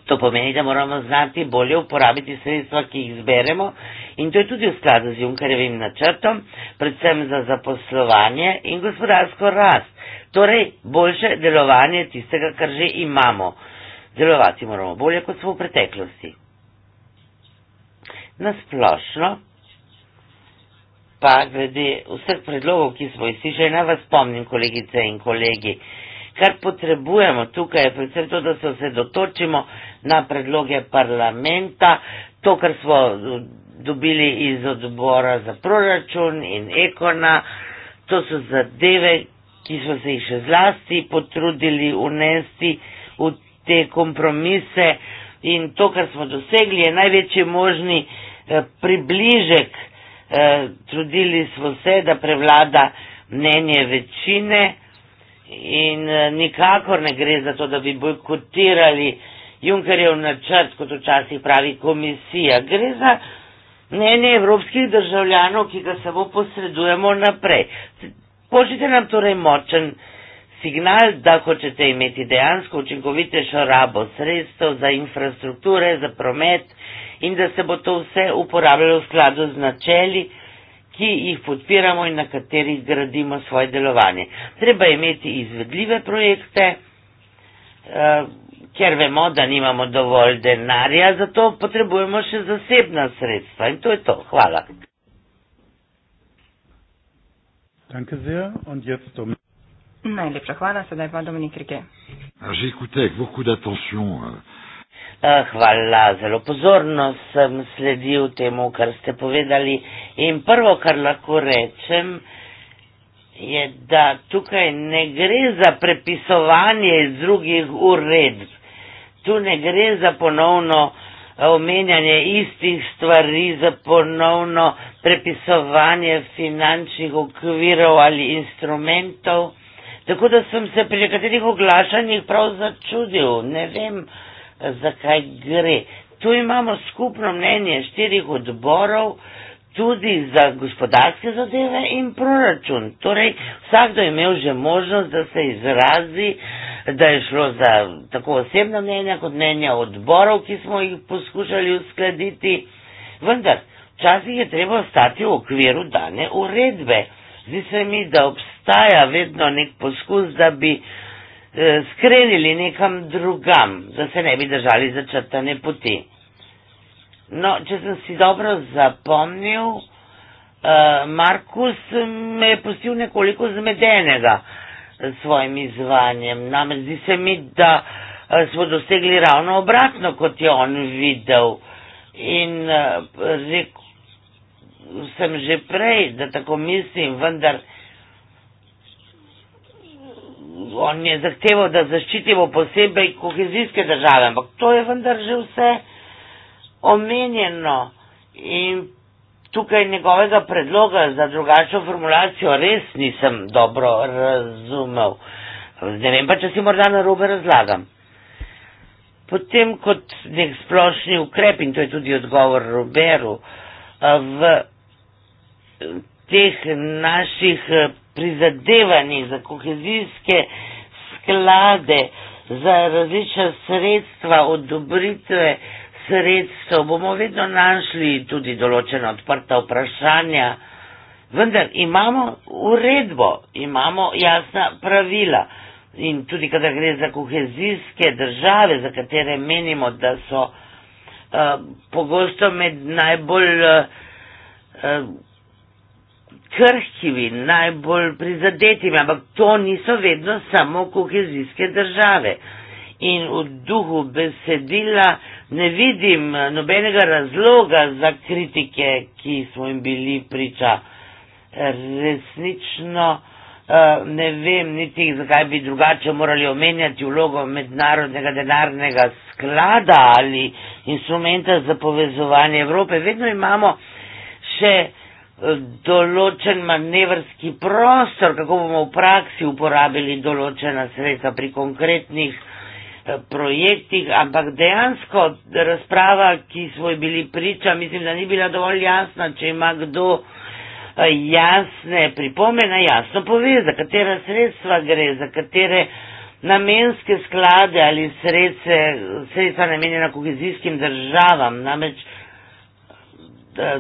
To pomeni, da moramo znati bolje uporabiti sredstva, ki jih zberemo in to je tudi v skladu z Junkerjevim načrtom, predvsem za zaposlovanje in gospodarsko rast. Torej, boljše delovanje tistega, kar že imamo. Delovati moramo bolje, kot smo v preteklosti. Nasplošno pa glede vseh predlogov, ki smo jih slišali, naj vas spomnim, kolegice in kolegi. Kar potrebujemo tukaj je predvsem to, da se osredotočimo na predloge parlamenta, to, kar smo eh, dobili iz odbora za proračun in ekona, to so zadeve, ki smo se jih še zlasti potrudili unesti v te kompromise in to, kar smo dosegli, je največji možni eh, približek Eh, trudili smo se, da prevlada mnenje večine in eh, nikakor ne gre za to, da bi bojkotirali Junkerjev načrt, kot včasih pravi komisija. Gre za mnenje evropskih državljanov, ki ga samo posredujemo naprej. Pošljite nam torej močen signal, da hočete imeti dejansko učinkovitejšo rabo sredstev za infrastrukture, za promet, in da se bo to vse uporabljalo v skladu z načeli, ki jih podpiramo in na katerih gradimo svoje delovanje. Treba imeti izvedljive projekte, eh, ker vemo, da nimamo dovolj denarja, zato potrebujemo še zasebna sredstva in to je to. Hvala. Najlepša hvala, sedaj pa Dominik Rike. Ah, J'ai écouté avec beaucoup d'attention euh, Eh, hvala zelo pozorno, sem sledil temu, kar ste povedali. In prvo, kar lahko rečem, je, da tukaj ne gre za prepisovanje iz drugih uredb. Tu ne gre za ponovno eh, omenjanje istih stvari, za ponovno prepisovanje finančnih okvirov ali instrumentov. Tako da sem se pri nekaterih oglašanjih prav začudil, ne vem, za kaj gre. Tu imamo skupno mnenje štirih odborov, tudi za gospodarske zadeve in proračun. Torej, vsakdo je imel že možnost, da se izrazi, da je šlo za tako osebna mnenja kot mnenja odborov, ki smo jih poskušali uskladiti. Vendar, včasih je treba ostati v okviru dane uredbe. Zdi se mi, da obstaja vedno nek poskus, da bi Eh, skrenili nekam drugam, da se ne bi držali začrtane poti. No, če sem si dobro zapomnil, eh, Markus me je pustil nekoliko zmedenega s svojim izvanjem. Namreč zdi se mi, da eh, smo dosegli ravno obratno, kot je on videl. In rekel sem že prej, da tako mislim, vendar on je zahteval, da zaščitimo posebej kohezijske države, ampak to je vendar že vse omenjeno in tukaj njegovega predloga za drugačno formulacijo res nisem dobro razumel. Ne vem pa, če si morda na robe razlagam. Potem kot nek splošni ukrep, in to je tudi odgovor Roberu, v teh naših prizadevanjih za kohezijske sklade, za različna sredstva, odobritve sredstev, bomo vedno našli tudi določena odprta vprašanja. Vendar imamo uredbo, imamo jasna pravila in tudi, kada gre za kohezijske države, za katere menimo, da so uh, pogosto med najbolj uh, krhkimi, najbolj prizadetimi, ampak to niso vedno samo kohezijske države. In v duhu besedila ne vidim nobenega razloga za kritike, ki smo jim bili priča. Resnično eh, ne vem niti, zakaj bi drugače morali omenjati vlogo mednarodnega denarnega sklada ali instrumenta za povezovanje Evrope. Vedno imamo še določen manevrski prostor, kako bomo v praksi uporabili določena sredstva pri konkretnih eh, projektih, ampak dejansko razprava, ki smo ji bili priča, mislim, da ni bila dovolj jasna, če ima kdo eh, jasne pripome, na jasno pove, za katera sredstva gre, za katere namenske sklade ali sredce, sredstva namenjena kohezijskim državam, namreč eh,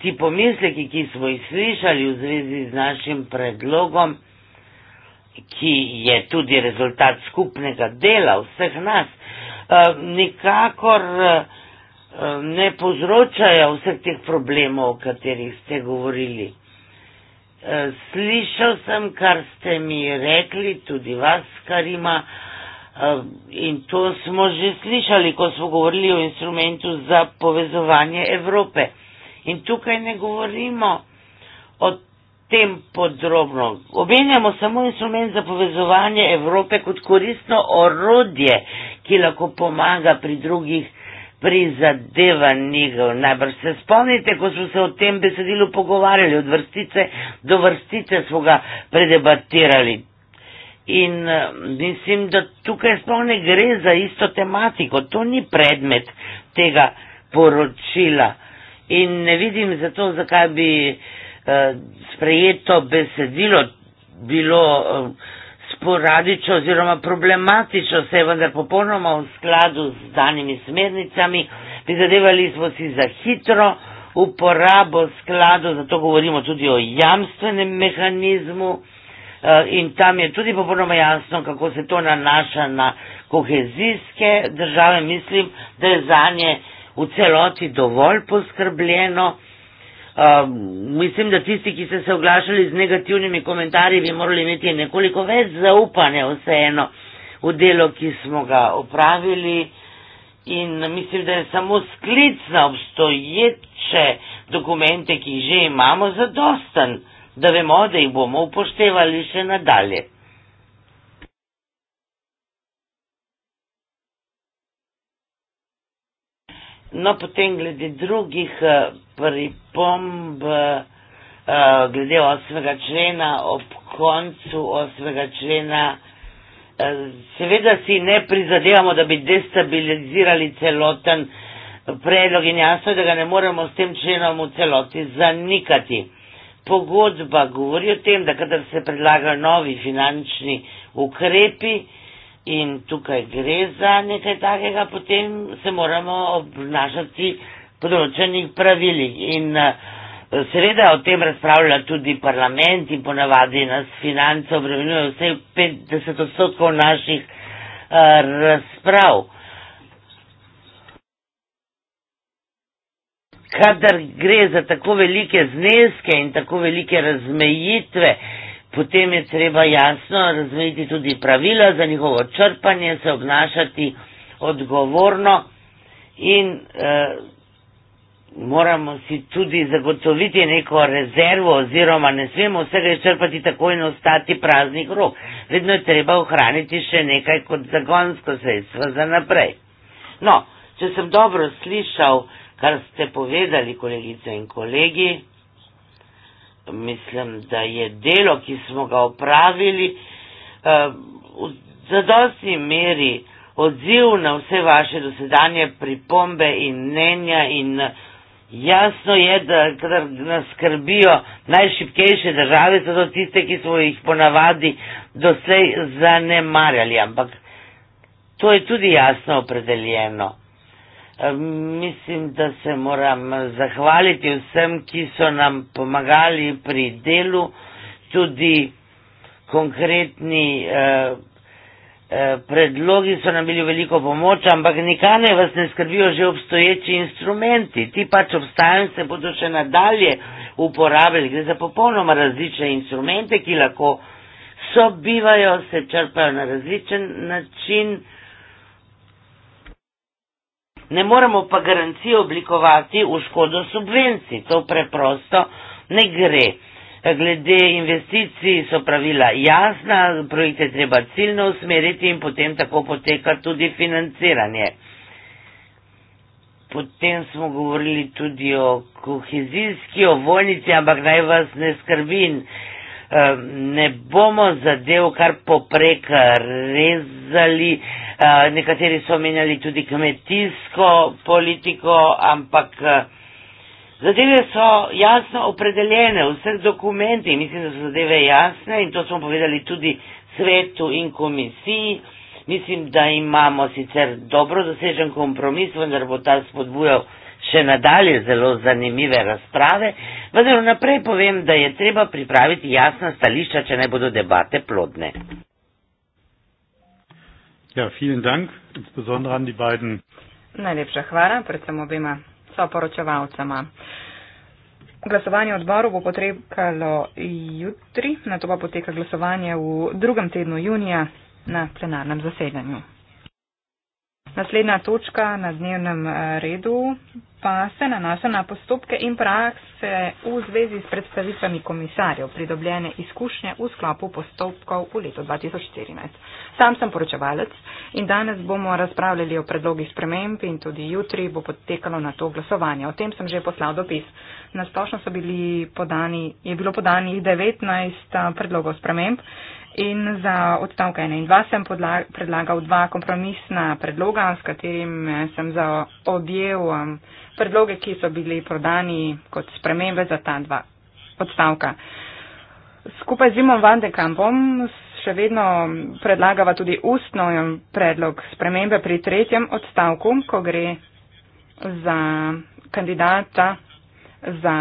ti pomisleki, ki smo jih slišali v zvezi z našim predlogom, ki je tudi rezultat skupnega dela vseh nas, eh, nikakor eh, ne povzročajo vseh teh problemov, o katerih ste govorili. Eh, slišal sem, kar ste mi rekli, tudi vas, kar ima, in to smo že slišali, ko smo govorili o instrumentu za povezovanje Evrope. In tukaj ne govorimo o tem podrobno. Omenjamo samo instrument za povezovanje Evrope kot koristno orodje, ki lahko pomaga pri drugih prizadevanjih. Najbrž se spomnite, ko smo se o tem besedilu pogovarjali, od vrstice do vrstice smo ga predebatirali. In eh, mislim, da tukaj sploh ne gre za isto tematiko, to ni predmet tega poročila in ne vidim zato, zakaj bi eh, sprejeto besedilo bilo eh, sporadično oziroma problematično, se je vendar popolnoma v skladu z danimi smernicami, prizadevali smo si za hitro uporabo skladu, zato govorimo tudi o jamstvenem mehanizmu eh, in tam je tudi popolnoma jasno, kako se to nanaša na kohezijske države, mislim, da je zanje nekaj, v celoti dovolj poskrbljeno. Um, mislim, da tisti, ki ste se oglašali z negativnimi komentarji, bi morali imeti nekoliko več zaupanja vseeno v delo, ki smo ga opravili. In mislim, da je samo sklic na obstoječe dokumente, ki jih že imamo, zadosten, da vemo, da jih bomo upoštevali še nadalje. No, potem glede drugih eh, pripomb, eh, glede 8. člena, ob koncu 8. člena, eh, seveda si ne prizadevamo, da bi destabilizirali celoten predlog in jasno je, da ga ne moremo s tem členom v celoti zanikati. Pogodba govori o tem, da kadar se predlagajo novi finančni ukrepi, in tukaj gre za nekaj takega, potem se moramo obnašati po določenih pravilih. In eh, seveda o tem razpravlja tudi parlament in ponavadi nas finance obremenjuje vse 50 odstotkov naših eh, razprav. Kadar gre za tako velike zneske in tako velike razmejitve, Potem je treba jasno razumeti tudi pravila za njihovo črpanje, se obnašati odgovorno in eh, moramo si tudi zagotoviti neko rezervo oziroma ne smemo vsega izčrpati tako in ostati praznih rok. Vedno je treba ohraniti še nekaj kot zagonsko sredstvo za naprej. No, če sem dobro slišal, kar ste povedali, kolegice in kolegi, mislim, da je delo, ki smo ga opravili, eh, v zadostni meri odziv na vse vaše dosedanje pripombe in mnenja in eh, jasno je, da kadar nas skrbijo najšipkejše države, so to tiste, ki smo jih ponavadi doslej zanemarjali, ampak to je tudi jasno opredeljeno mislim, da se moram eh, zahvaliti vsem, ki so nam pomagali pri delu, tudi konkretni eh, eh, predlogi so nam bili veliko pomoč, ampak nikane vas ne skrbijo že obstoječi instrumenti, ti pač obstajajo in se bodo še nadalje uporabljali, gre za popolnoma različne instrumente, ki lahko sobivajo, se črpajo na različen način, ne moremo pa garancije oblikovati v škodo subvencij, to preprosto ne gre. Glede investicij so pravila jasna, projekte treba ciljno usmeriti in potem tako poteka tudi financiranje. Potem smo govorili tudi o kohezijski ovojnici, ampak naj vas ne skrbim ne bomo zadev kar poprek rezali. Nekateri so omenjali tudi kmetijsko politiko, ampak zadeve so jasno opredeljene v vseh dokumentih. Mislim, da so zadeve jasne in to smo povedali tudi svetu in komisiji. Mislim, da imamo sicer dobro dosežen kompromis, vendar bo ta spodbujal še nadalje zelo zanimive razprave, vendar naprej povem, da je treba pripraviti jasna stališča, če ne bodo debate plodne. Ja, vielen dank, insbesondere an die beiden. Najlepša hvala, predvsem obima soporočevalcama. Glasovanje odboru bo potrebkalo jutri, na to pa poteka glasovanje v drugem tednu junija na plenarnem zasedanju. Naslednja točka na dnevnem eh, redu pa se nanaša na postopke in prakse v zvezi s predstavitvami komisarjev pridobljene izkušnje v sklopu postopkov v letu 2014. Sam sem poročevalec in danes bomo razpravljali o predlogih sprememb in tudi jutri bo potekalo na to glasovanje. O tem sem že poslal dopis. Na splošno so bili podani, je bilo podanih 19 eh, predlogov sprememb in za odstavek 1 in 2 sem podla, predlagal dva kompromisna predloga, s katerim eh, sem zaobjel eh, predloge, ki so bili prodani kot spremembe za ta dva odstavka. Skupaj z Zimom Vandekampom še vedno predlagava tudi ustno eh, predlog spremembe pri tretjem odstavku, ko gre za kandidata za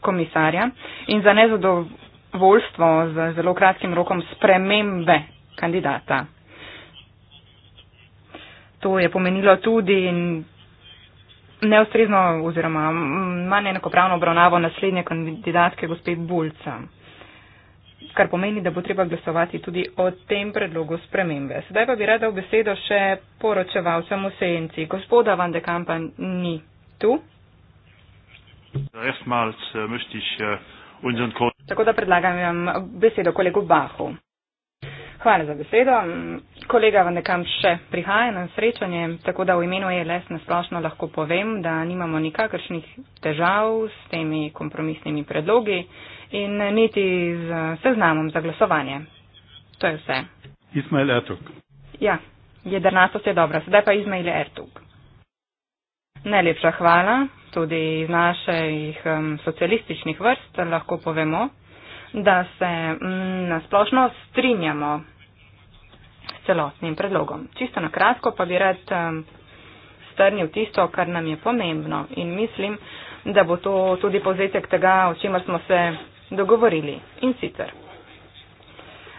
komisarja in za nezadovoljstvo voljstvo z zelo kratkim rokom spremembe kandidata. To je pomenilo tudi neustrezno oziroma manj enakopravno obravnavo naslednje kandidatke gospe Bulca, kar pomeni, da bo treba glasovati tudi o tem predlogu spremembe. Sedaj pa bi rada v besedo še poročevalcem v senci. Gospoda Van de Kampa ni tu. Erstmals äh, möchte ich äh, unseren Tako da predlagam vam besedo kolegu Bahu. Hvala za besedo. Kolega vam nekam še prihaja na srečanje, tako da v imenu ELS na splošno lahko povem, da nimamo nikakršnih težav s temi kompromisnimi predlogi in niti z seznamom za glasovanje. To je vse. Ismail Ertug. Ja, jedrnatost je dobra. Sedaj pa Ismail Ertug. Najlepša hvala. Tudi iz naših um, socialističnih vrst lahko povemo, da se mm, nasplošno strinjamo s celotnim predlogom. Čisto na kratko pa bi rad strnil tisto, kar nam je pomembno in mislim, da bo to tudi povzetek tega, o čemer smo se dogovorili in sicer.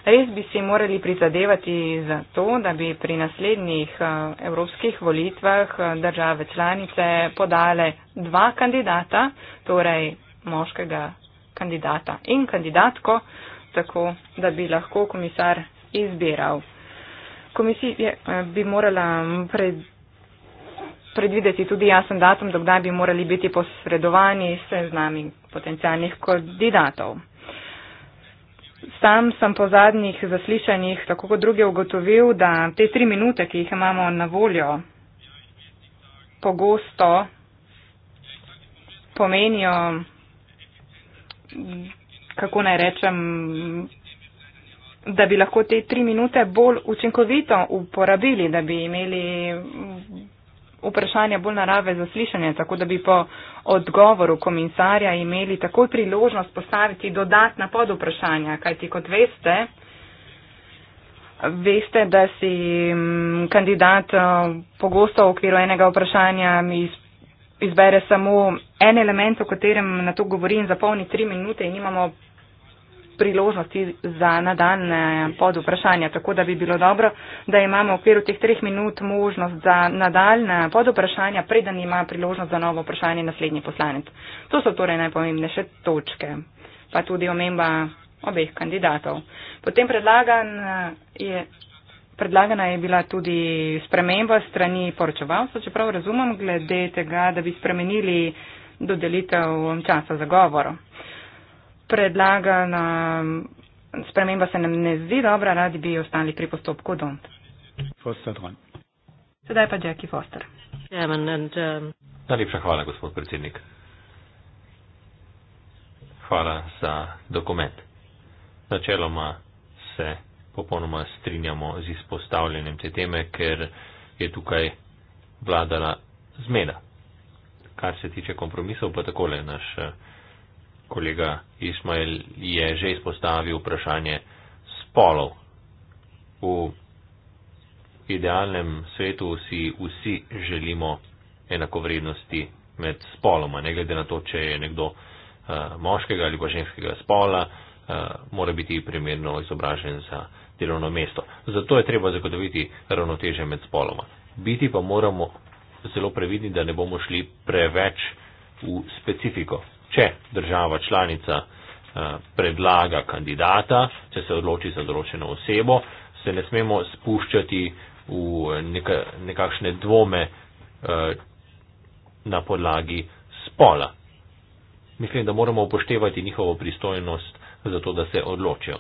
Res bi si morali prizadevati za to, da bi pri naslednjih eh, evropskih volitvah eh, države članice podale dva kandidata, torej moškega kandidata in kandidatko, tako da bi lahko komisar izbiral. Komisija eh, bi morala mm, pred, predvideti tudi jasen datum, dokdaj bi morali biti posredovani se znami potencijalnih kandidatov. Sam sem po zadnjih zaslišanjih, tako kot druge, ugotovil, da te tri minute, ki jih imamo na voljo, pogosto pomenijo kako naj rečem, da bi lahko te tri minute bolj učinkovito uporabili, da bi imeli vprašanja bolj narave za slišanje, tako da bi po odgovoru komisarja imeli takoj priložnost postaviti dodatna pod vprašanja, kajti kot veste, veste, da si mm, kandidat eh, pogosto v okviru enega vprašanja iz izbere samo en element, o katerem na to govori in zapolni tri minute in imamo priložnosti za nadaljne pod vprašanja. Tako da bi bilo dobro, da imamo v okviru teh treh minut možnost za nadaljne pod vprašanja, preden ima priložnost za novo vprašanje naslednji poslanec. To so torej najpomembnejše točke, pa tudi omemba obeh kandidatov. Potem predlagan eh, je predlagana je bila tudi sprememba strani poročevalstva, čeprav razumem glede tega, da bi spremenili dodelitev časa za govor. Predlagana sprememba se nam ne zdi dobra, radi bi ostali pri postopku DONT. Sedaj pa Jackie Foster. Um, Najlepša hvala, gospod predsednik. Hvala za dokument. Načeloma se popolnoma strinjamo z izpostavljanjem te teme, ker je tukaj vladala zmeda. Kar se tiče kompromisov, pa takole naš eh, kolega Ismail je že izpostavil vprašanje spolov. V idealnem svetu si vsi želimo enakovrednosti med spoloma, ne glede na to, če je nekdo uh, moškega ali pa ženskega spola, uh, mora biti primerno izobražen za delovno mesto. Zato je treba zagotoviti ravnoteže med spoloma. Biti pa moramo zelo previdni, da ne bomo šli preveč v specifiko. Če država članica eh, predlaga kandidata, če se odloči za določeno osebo, se ne smemo spuščati v eh, neka, nekakšne dvome eh, na podlagi spola. Mislim, da moramo upoštevati njihovo pristojnost za to, da se odločijo.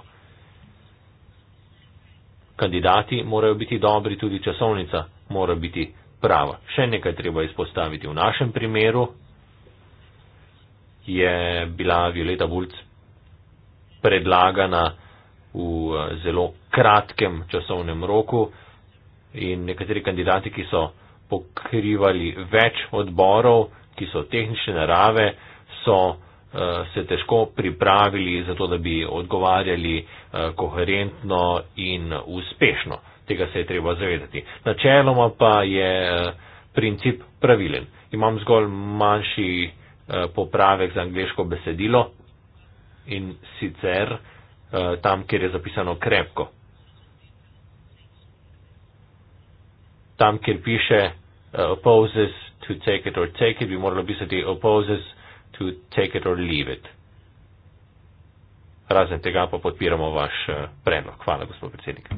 Kandidati morajo biti dobri, tudi časovnica mora biti prava. Še nekaj treba izpostaviti. V našem primeru je bila Violeta Bulc predlagana v eh, zelo kratkem časovnem roku in nekateri kandidati, ki so pokrivali več odborov, ki so tehnične narave, so Eh, se težko pripravili za to, da bi odgovarjali eh, koherentno in uspešno. Tega se je treba zavedati. Načeloma pa je eh, princip pravilen. Imam zgolj manjši popravek za angliško besedilo in sicer tam, kjer je zapisano krepko. Tam, kjer piše opposes to take it or take it, bi moralo pisati opposes to take it to take it or leave it. Razen tega pa podpiramo vaš eh, predlog. Hvala, gospod predsednik.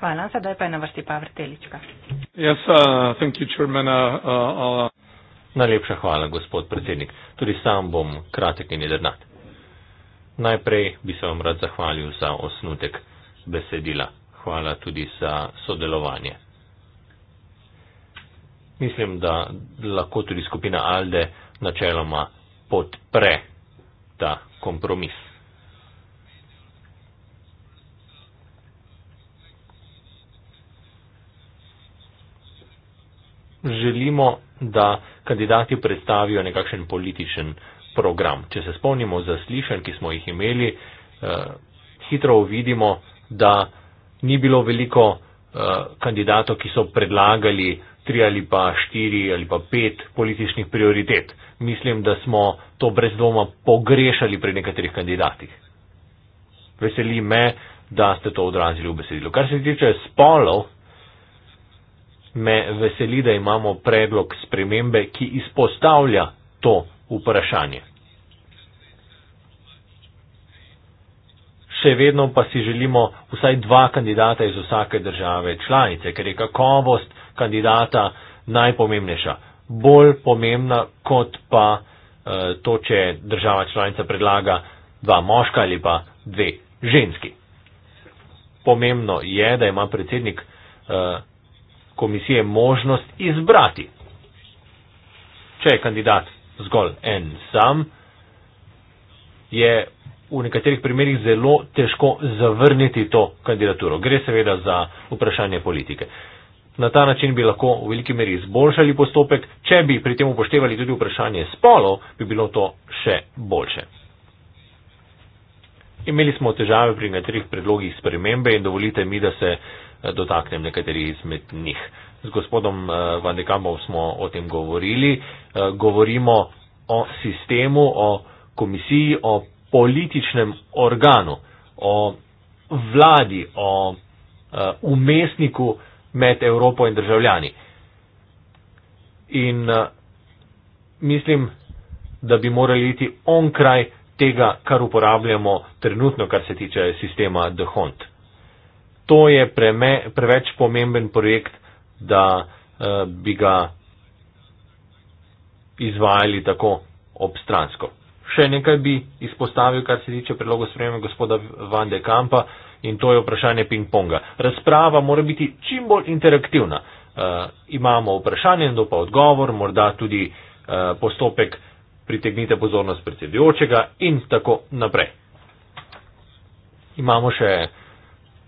Hvala, sedaj pa je na vrsti Pavel Telička. Yes, uh, you, Chairman, uh, uh, uh, Najlepša hvala, gospod predsednik. Tudi sam bom kratek in jedrnat. Najprej bi se vam rad zahvalil za osnutek besedila. Hvala tudi za sodelovanje mislim, da lahko tudi skupina Alde načeloma podpre ta kompromis. Želimo, da kandidati predstavijo nekakšen političen program. Če se spomnimo zaslišanj, ki smo jih imeli, eh, hitro vidimo, da ni bilo veliko eh, kandidatov, ki so predlagali eh, tri ali pa štiri ali pa pet političnih prioritet. Mislim, da smo to brez dvoma pogrešali pri nekaterih kandidatih. Veseli me, da ste to odrazili v besedilu. Kar se tiče spolov, me veseli, da imamo predlog spremembe, ki izpostavlja to vprašanje. Še vedno pa si želimo vsaj dva kandidata iz vsake države članice, ker je kakovost kandidata najpomembnejša, bolj pomembna kot pa eh, to, če država članica predlaga dva moška ali pa dve ženski. Pomembno je, da ima predsednik eh, komisije možnost izbrati, če je kandidat zgolj en sam, je v nekaterih primerjih zelo težko zavrniti to kandidaturo. Gre seveda za vprašanje politike. Uh, Na ta način bi lahko v veliki meri izboljšali postopek, če bi pri tem upoštevali tudi vprašanje spolov, bi bilo to še boljše. Imeli smo težave pri nekaterih predlogih spremembe in dovolite mi, da se eh, dotaknem nekaterih izmed njih. Z gospodom eh, Van de Kampom smo o tem govorili. Eh, govorimo o sistemu, o komisiji, o političnem organu, o vladi, o umestniku, med Evropo in državljani. In eh, mislim, da bi morali iti onkraj tega, kar uporabljamo trenutno, kar se tiče sistema The Hunt. To je preme, preveč pomemben projekt, da uh, bi ga izvajali tako obstransko. Še nekaj bi izpostavil, kar se tiče predloga spremembe gospoda Van de Kampa. Uh, in to je vprašanje ping-ponga. Razprava mora biti čim bolj interaktivna. Uh, imamo vprašanje in dopa odgovor, morda tudi uh, postopek pritegnite pozornost predsedujočega in tako naprej. Imamo še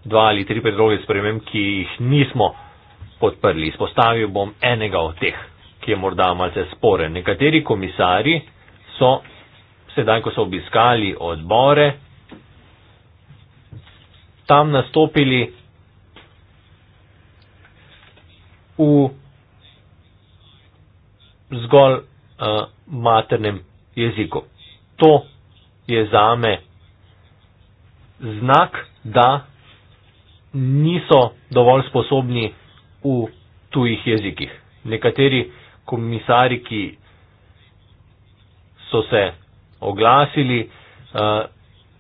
dva ali tri predloge sprememb, ki jih nismo podprli. Izpostavil bom enega od teh, ki je morda malce sporen. Nekateri komisari so sedaj, ko so obiskali odbore, tam nastopili v zgolj uh, maternem jeziku. To je zame znak, da niso dovolj sposobni v tujih jezikih. Nekateri komisariki so se oglasili, uh,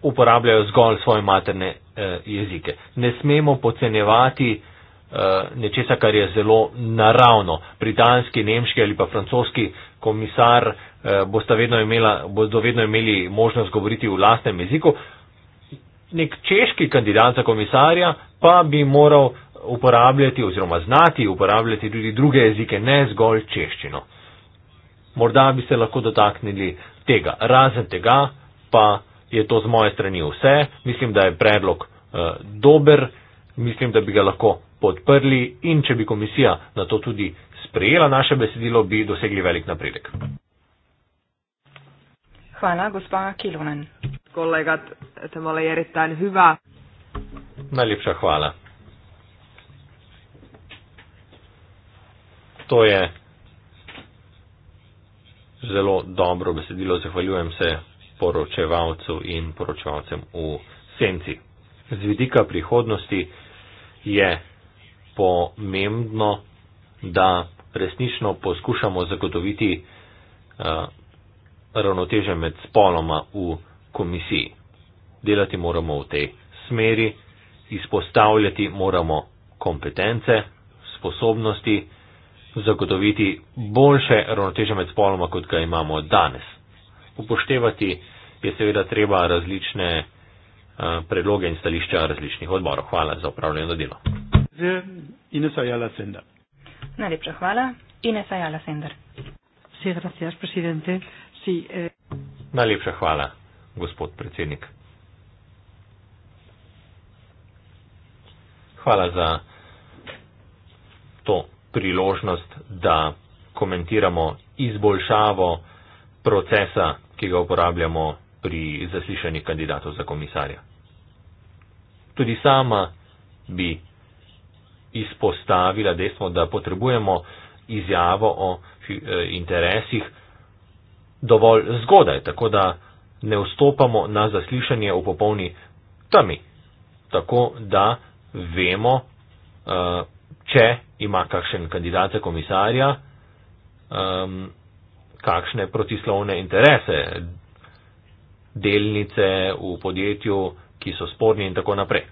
uporabljajo zgolj svoje materne eh, jezike. Ne smemo pocenevati eh, nečesa, kar je zelo naravno. Britanski, nemški ali pa francoski komisar eh, bosta vedno imela, bodo vedno imeli možnost govoriti v lastnem jeziku. Nek češki kandidat za komisarja pa bi moral uporabljati oziroma znati uporabljati tudi druge jezike, ne zgolj češčino. Morda bi se lahko dotaknili tega. Razen tega pa je to z moje strani vse. Mislim, da je predlog eh, dober, mislim, da bi ga lahko podprli in če bi komisija na to tudi sprejela naše besedilo, bi dosegli velik napredek. Hvala, gospa Kilonen. Kolega, temole je retan hyva. Najlepša hvala. To je zelo dobro besedilo, zahvaljujem se poročevalcu in poročevalcem v senci. Z vidika prihodnosti je pomembno, da resnično poskušamo zagotoviti uh, eh, ravnoteže med spoloma v komisiji. Delati moramo v tej smeri, izpostavljati moramo kompetence, sposobnosti, zagotoviti boljše ravnoteže med spoloma, kot ga imamo danes upoštevati, je seveda treba različne eh, predloge in stališča različnih odborov. Hvala za upravljeno delo. Ines Ayala Sender. Najlepša hvala. Ines Ayala Sender. Sí, gracias, presidente. Sí, eh. Najlepša hvala, gospod predsednik. Hvala za to priložnost, da komentiramo izboljšavo procesa ki ga uporabljamo pri zaslišanju kandidatov za komisarja. Tudi sama bi izpostavila dejstvo, da potrebujemo izjavo o eh, interesih dovolj zgodaj, tako da ne vstopamo na zaslišanje v popolni temi, tako da vemo, eh, če ima kakšen kandidat za komisarja, ehm, kakšne protislovne interese, delnice v podjetju, ki so sporni in tako naprej.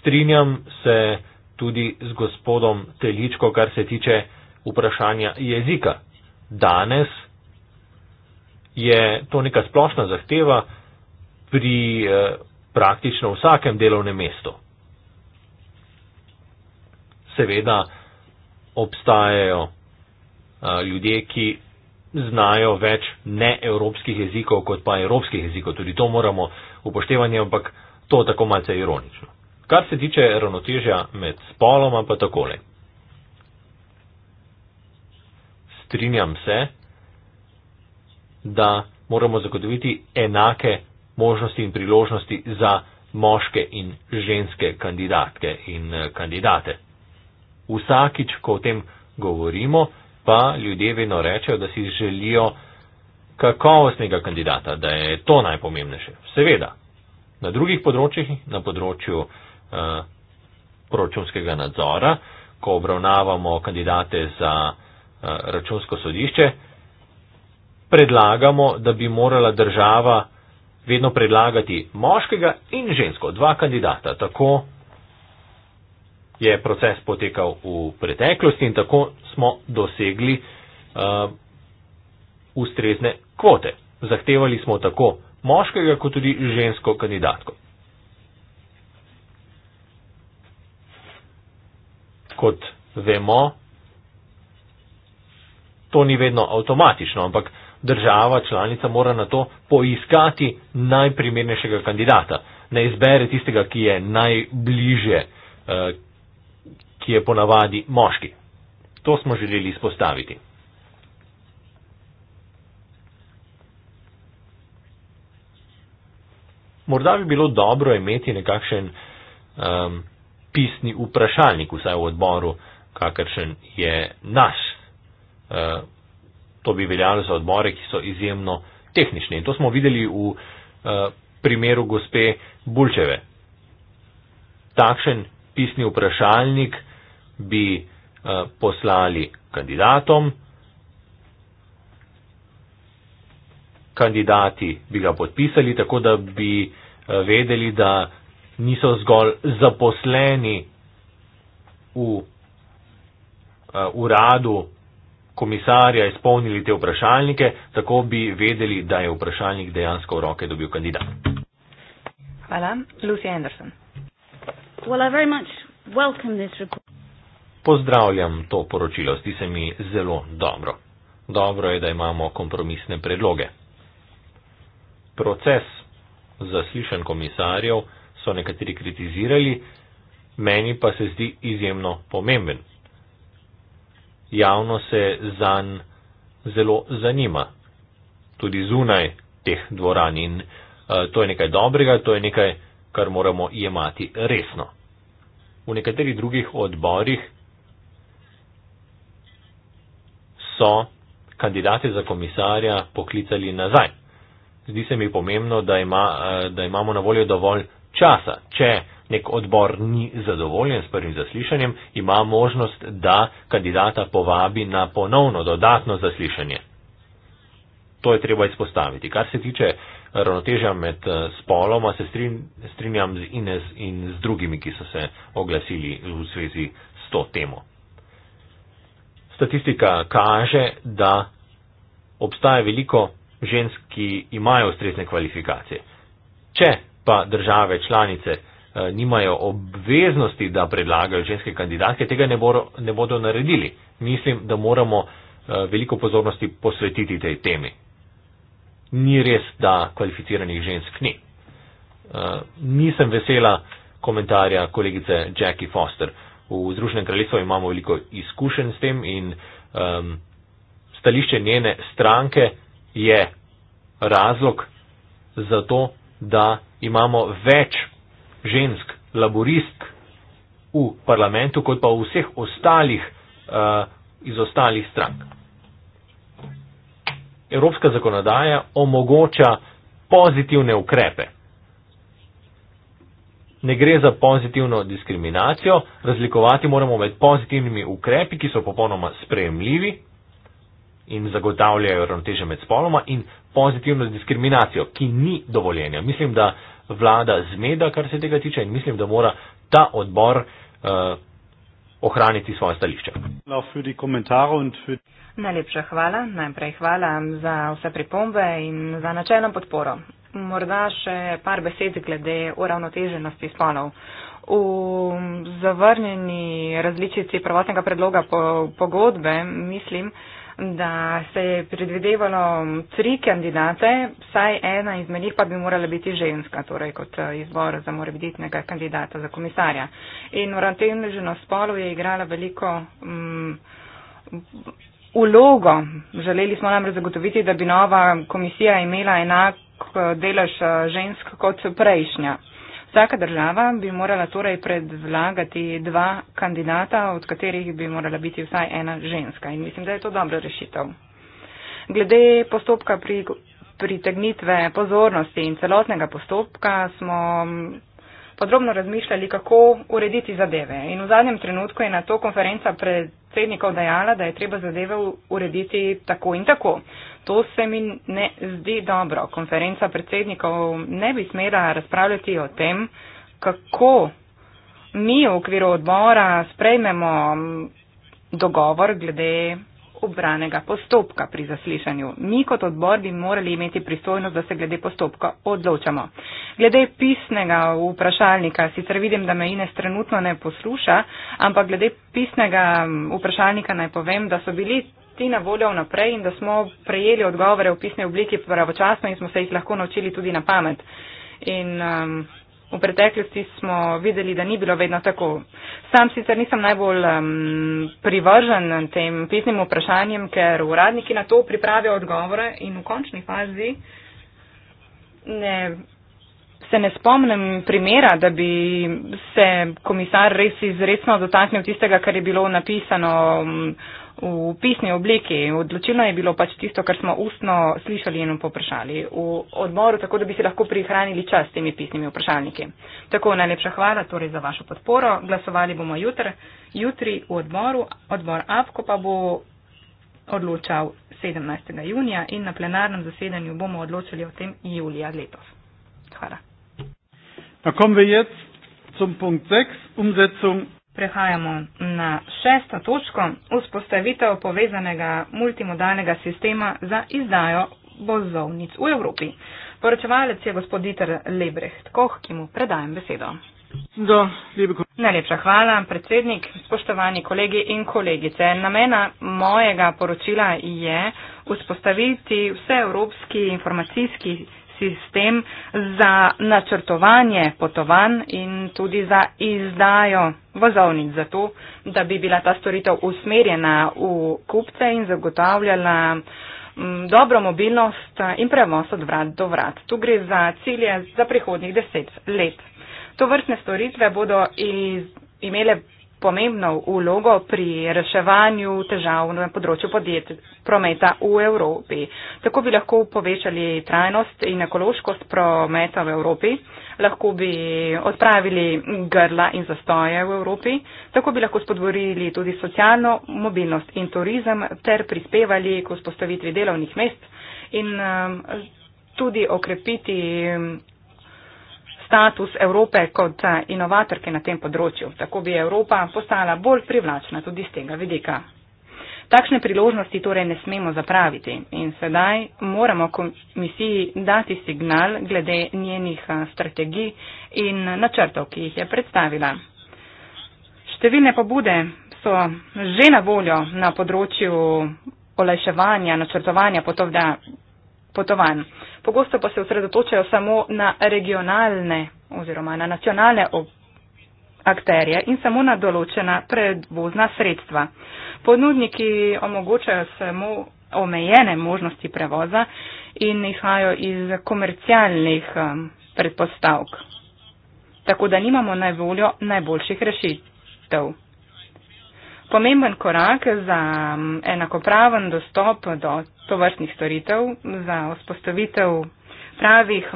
Strinjam se tudi z gospodom Teličko, kar se tiče vprašanja jezika. Danes je to neka splošna zahteva pri eh, praktično vsakem delovnem mestu. Seveda obstajajo eh, ljudje, ki znajo več ne evropskih jezikov, kot pa evropskih jezikov. Tudi to moramo upoštevati, ampak to tako malce ironično. Kar se tiče ravnotežja med spoloma, pa takole. Strinjam se, da moramo zagotoviti enake možnosti in priložnosti za moške in ženske kandidatke in eh, kandidate. Vsakič, ko o tem govorimo, pa ljudje vedno rečejo, da si želijo kakovostnega kandidata, da je to najpomembnejše. Seveda, na drugih področjih, na področju eh, proračunskega nadzora, ko obravnavamo kandidate za eh, računsko sodišče, predlagamo, da bi morala država vedno predlagati moškega in žensko, dva kandidata, tako je proces potekal v preteklosti in tako smo dosegli uh, ustrezne kvote. Zahtevali smo tako moškega, kot tudi žensko kandidatko. Kot vemo, to ni vedno avtomatično, ampak država, članica mora na to poiskati najprimernejšega kandidata, ne izbere tistega, ki je najbliže eh, ki je ponavadi moški. To smo želeli izpostaviti. Morda bi bilo dobro imeti nekakšen um, pisni vprašalnik, vsaj v odboru, kakršen je naš. Uh, to bi veljalo za odbore, ki so izjemno tehnični. In to smo videli v uh, primeru gospe Bulčeve. Takšen pisni vprašalnik uh, bi eh, poslali kandidatom. Kandidati bi ga podpisali, tako da bi eh, vedeli, da niso zgolj zaposleni v eh, uradu komisarja izpolnili te vprašalnike, tako bi vedeli, da je vprašalnik dejansko v roke dobil kandidat. Hvala. Lucy Anderson. Well, I very much welcome this report pozdravljam to poročilo, zdi se mi zelo dobro. Dobro je, da imamo kompromisne predloge. Proces zaslišen komisarjev so nekateri kritizirali, meni pa se zdi izjemno pomemben. Javno se zanj zelo zanima, tudi zunaj teh dvoran in uh, to je nekaj dobrega, to je nekaj, kar moramo jemati resno. V nekaterih drugih odborih so kandidate za komisarja poklicali nazaj. Zdi se mi pomembno, da, ima, eh, da imamo na voljo dovolj časa. Če nek odbor ni zadovoljen s prvim zaslišanjem, ima možnost, da kandidata povabi na ponovno dodatno zaslišanje. To je treba izpostaviti. Kar se tiče eh, ravnotežja med eh, spoloma, se strinjam z Ines in z drugimi, ki so se oglasili v zvezi s to temo statistika kaže, da obstaja veliko žensk, ki imajo ustrezne kvalifikacije. Če pa države članice eh, nimajo obveznosti, da predlagajo ženske kandidatke, tega ne, bor, ne bodo naredili. Mislim, da moramo eh, veliko pozornosti posvetiti tej temi. Ni res, da kvalificiranih žensk ni. Eh, nisem vesela komentarja kolegice Jackie Foster v Združenem kraljestvu imamo veliko izkušenj s tem in um, stališče njene stranke je razlog za to, da imamo več žensk laboristk v parlamentu, kot pa v vseh ostalih uh, iz ostalih strank. Evropska zakonodaja omogoča pozitivne ukrepe ne gre za pozitivno diskriminacijo, razlikovati moramo med pozitivnimi ukrepi, ki so popolnoma sprejemljivi in zagotavljajo ravnoteže med spoloma in pozitivno diskriminacijo, ki ni dovoljenja. Mislim, da vlada zmeda, kar se tega tiče in mislim, da mora ta odbor uh, ohraniti svoje stališče. Najlepša hvala, najprej hvala za vse pripombe in za načelno podporo morda še par besed glede uravnoteženosti spolov. V zavrnjeni različici prvotnega predloga po, pogodbe mislim, da se je predvidevalo tri kandidate, saj ena izmed njih pa bi morala biti ženska, torej kot izbor za morebitnega kandidata za komisarja. In uravnoteženost spolov je igrala veliko. Mm, Ulogo želeli smo namreč zagotoviti, da bi nova komisija imela enak Eh, delež eh, žensk kot prejšnja. Vsaka država bi morala torej predlagati dva kandidata, od katerih bi morala biti vsaj ena ženska. In mislim, da je to dobra rešitev. Glede postopka pri, pritegnitve pozornosti in celotnega postopka smo mm, podrobno razmišljali, kako urediti zadeve. In v zadnjem trenutku je na to konferenca predsednikov dejala, da je treba zadeve urediti tako in tako. To se mi ne zdi dobro. Konferenca predsednikov ne bi smela razpravljati o tem, kako mi v okviru odbora sprejmemo mm, dogovor glede obranega postopka pri zaslišanju. Mi kot odbor bi morali imeti pristojnost, da se glede postopka odločamo. Glede pisnega vprašalnika, sicer vidim, da me Ines trenutno ne posluša, ampak glede pisnega mm, vprašalnika naj povem, da so bili ti na voljo vnaprej in da smo prejeli odgovore v pisni obliki pravočasno in smo se jih lahko naučili tudi na pamet. In um, v preteklosti smo videli, da ni bilo vedno tako. Sam sicer nisem najbolj um, privržen tem pisnim vprašanjem, ker uradniki na to pripravijo odgovore in v končni fazi ne. Se ne spomnim primera, da bi se komisar res izredno dotaknil tistega, kar je bilo napisano um, v pisni obliki. Odločilno je bilo pač tisto, kar smo ustno slišali in poprašali v odboru, tako da bi si lahko prihranili čas s temi pisnimi vprašalniki. Tako najlepša hvala torej za vašo podporo. Glasovali bomo jutr, jutri v odboru. Odbor APKO pa bo odločal 17. junija in na plenarnem zasedanju bomo odločali o tem julija letos. Hvala. Da kommen wir jetzt zum Punkt 6, Umsetzung. Prehajamo na šesto točko, vzpostavitev povezanega multimodalnega sistema za izdajo vozovnic v Evropi. Poročevalec je gospod Dieter Lebrecht Koh, ki mu predajem besedo. Do, Najlepša hvala, predsednik, spoštovani kolegi in kolegice. Namena mojega poročila je vzpostaviti vseevropski informacijski sistem za načrtovanje potovanj in tudi za izdajo vozovnic za to, da bi bila ta storitev usmerjena v kupce in zagotavljala mm, dobro mobilnost in prevoz od vrat do vrat. Tu gre za cilje za prihodnih deset let. To vrstne storitve bodo imele pomembno vlogo pri reševanju težav na področju podjet, prometa v Evropi. Tako bi lahko povečali trajnost in ekološkost prometa v Evropi, lahko bi odpravili grla in zastoje v Evropi, tako bi lahko spodborili tudi socialno mobilnost in turizem ter prispevali k vzpostavitvi delovnih mest in um, tudi okrepiti um, status Evrope kot eh, inovatorke na tem področju. Tako bi Evropa postala bolj privlačna tudi z tega vidika. Takšne priložnosti torej ne smemo zapraviti in sedaj moramo komisiji dati signal glede njenih eh, strategij in načrtov, ki jih je predstavila. Številne pobude so že na voljo na področju olajševanja, načrtovanja potovanj pogosto pa se osredotočajo samo na regionalne oziroma na nacionalne akterje in samo na določena predvozna sredstva. Ponudniki omogočajo samo omejene možnosti prevoza in izhajajo iz komercialnih um, predpostavk. Tako da nimamo na voljo najboljših rešitev. Pomemben korak za um, enakopraven dostop do tovrstnih storitev za vzpostavitev pravih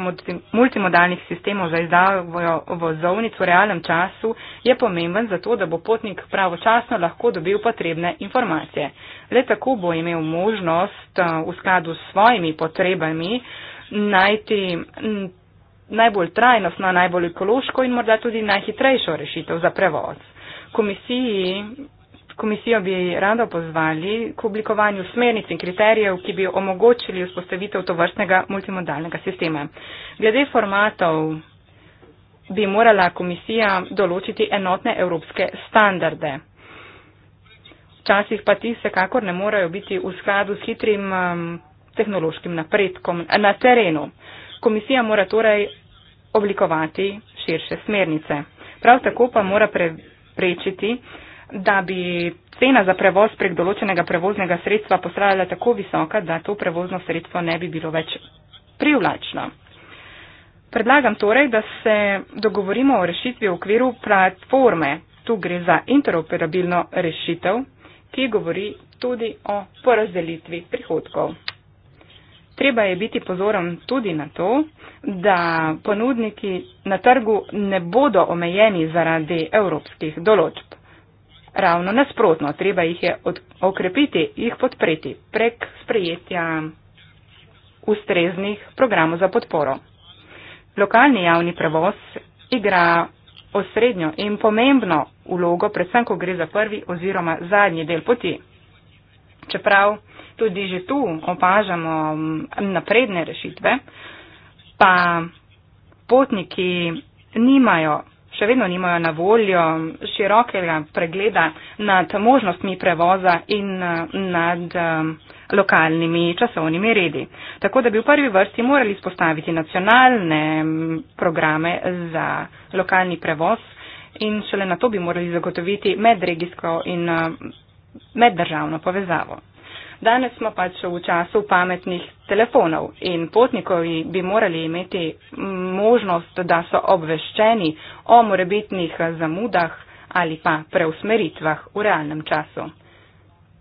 multimodalnih sistemov za izdajo vozovnic v realnem času je pomemben zato, da bo potnik pravočasno lahko dobil potrebne informacije. Le tako bo imel možnost eh, v skladu s svojimi potrebami najti najbolj trajnostno, najbolj ekološko in morda tudi najhitrejšo rešitev za prevoz. Komisiji Komisijo bi rado pozvali k oblikovanju smernic in kriterijev, ki bi omogočili vzpostavitev tovrstnega multimodalnega sistema. Glede formatov bi morala komisija določiti enotne evropske standarde. Včasih pa ti vsekakor ne morajo biti v skladu s hitrim um, tehnološkim napredkom na terenu. Komisija mora torej oblikovati širše smernice. Prav tako pa mora preprečiti, da bi cena za prevoz prek določenega prevoznega sredstva postala tako visoka, da to prevozno sredstvo ne bi bilo več privlačno. Predlagam torej, da se dogovorimo o rešitvi v okviru platforme. Tu gre za interoperabilno rešitev, ki govori tudi o porazdelitvi prihodkov. Treba je biti pozoren tudi na to, da ponudniki na trgu ne bodo omejeni zaradi evropskih določb ravno nasprotno, treba jih je okrepiti, jih podpreti prek sprejetja ustreznih programov za podporo. Lokalni javni prevoz igra osrednjo in pomembno ulogo, predvsem, ko gre za prvi oziroma zadnji del poti. Čeprav tudi že tu opažamo napredne rešitve, pa potniki nimajo še vedno nimajo na voljo širokega pregleda nad možnostmi prevoza in eh, nad eh, lokalnimi časovnimi redi. Tako da bi v prvi vrsti morali spostaviti nacionalne mm, programe za lokalni prevoz in šele na to bi morali zagotoviti medregijsko in eh, meddržavno povezavo. Danes smo pač v času pametnih telefonov in potnikovi bi morali imeti možnost, da so obveščeni o morebitnih zamudah ali pa preusmeritvah v realnem času.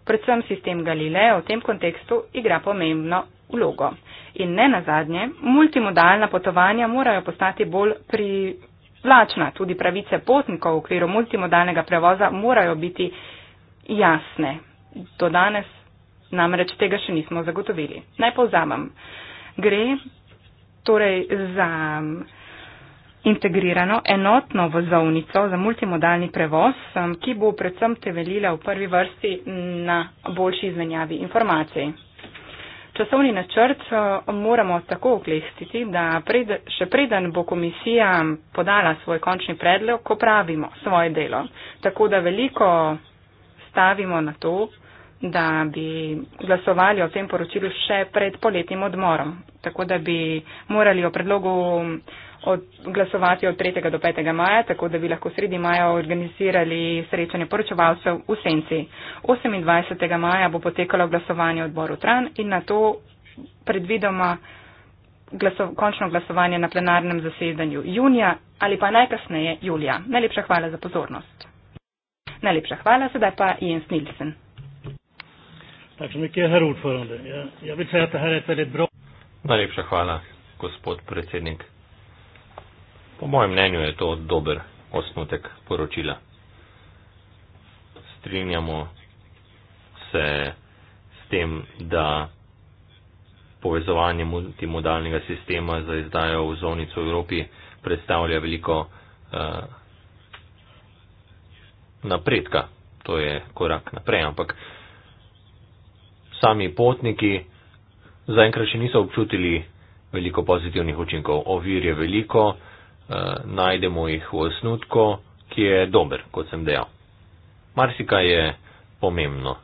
Predvsem sistem Galileo v tem kontekstu igra pomembno vlogo. In ne nazadnje, multimodalna potovanja morajo postati bolj privlačna. Tudi pravice potnikov v okviru multimodalnega prevoza morajo biti jasne. Do danes namreč tega še nismo zagotovili. Naj povzamem. Gre torej za integrirano enotno vozovnico za multimodalni prevoz, ki bo predvsem temeljila v prvi vrsti na boljši izmenjavi informacij. Časovni načrt moramo tako oklehstiti, da pred, še preden bo komisija podala svoj končni predlog, ko pravimo svoje delo. Tako da veliko stavimo na to, da bi glasovali o tem poročilu še pred poletnim odmorom. Tako da bi morali o predlogu od, glasovati od 3. do 5. maja, tako da bi lahko sredi maja organizirali srečanje poročevalcev v Senci. 28. maja bo potekalo glasovanje odboru Tran in na to predvidoma glaso, končno glasovanje na plenarnem zasedanju junija ali pa najkasneje julija. Najlepša hvala za pozornost. Najlepša hvala, sedaj pa Jens Nilsen. Tack så mycket, herr ordförande. Jag, jag vill säga att det här är ett väldigt bra... Najlepša hvala, gospod predsednik. Po mojem mnenju je to dober osnutek poročila. Strinjamo se s tem, da povezovanje multimodalnega sistema za izdajo vzovnic v Evropi predstavlja veliko uh, napredka. To je korak naprej, ampak uh, sami potniki zaenkrat še niso občutili veliko pozitivnih učinkov. Ovir je veliko, eh, najdemo jih v osnutku, ki je dober, kot sem dejal. Marsika je pomembno.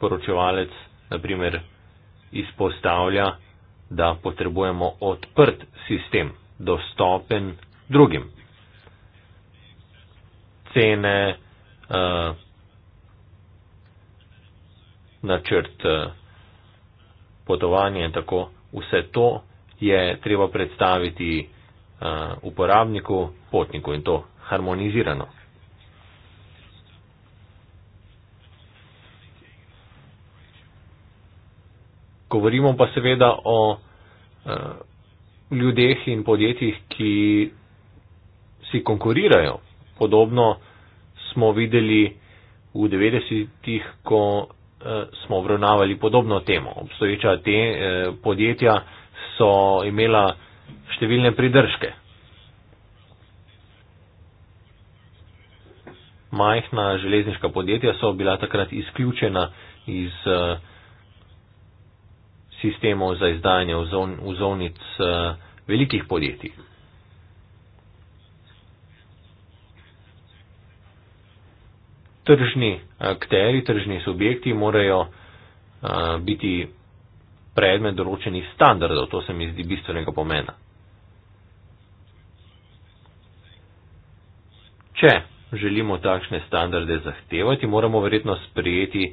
Poročevalec, naprimer, izpostavlja, da potrebujemo odprt sistem, dostopen drugim. Cene, eh, načrt eh, potovanja in tako. Vse to je treba predstaviti eh, uporabniku, potniku in to harmonizirano. Govorimo pa seveda o eh, ljudeh in podjetjih, ki si konkurirajo. Podobno smo videli v 90-ih, ko Eh, smo obravnavali podobno temo. Obstoječa te eh, podjetja so imela številne pridržke. Majhna železniška podjetja so bila takrat izključena iz eh, sistemov za izdajanje vzovnic velikih podjetij. tržni akteri, tržni subjekti morajo biti predmet določenih standardov. To se mi zdi bistvenega pomena. Če želimo takšne standarde zahtevati, moramo verjetno sprejeti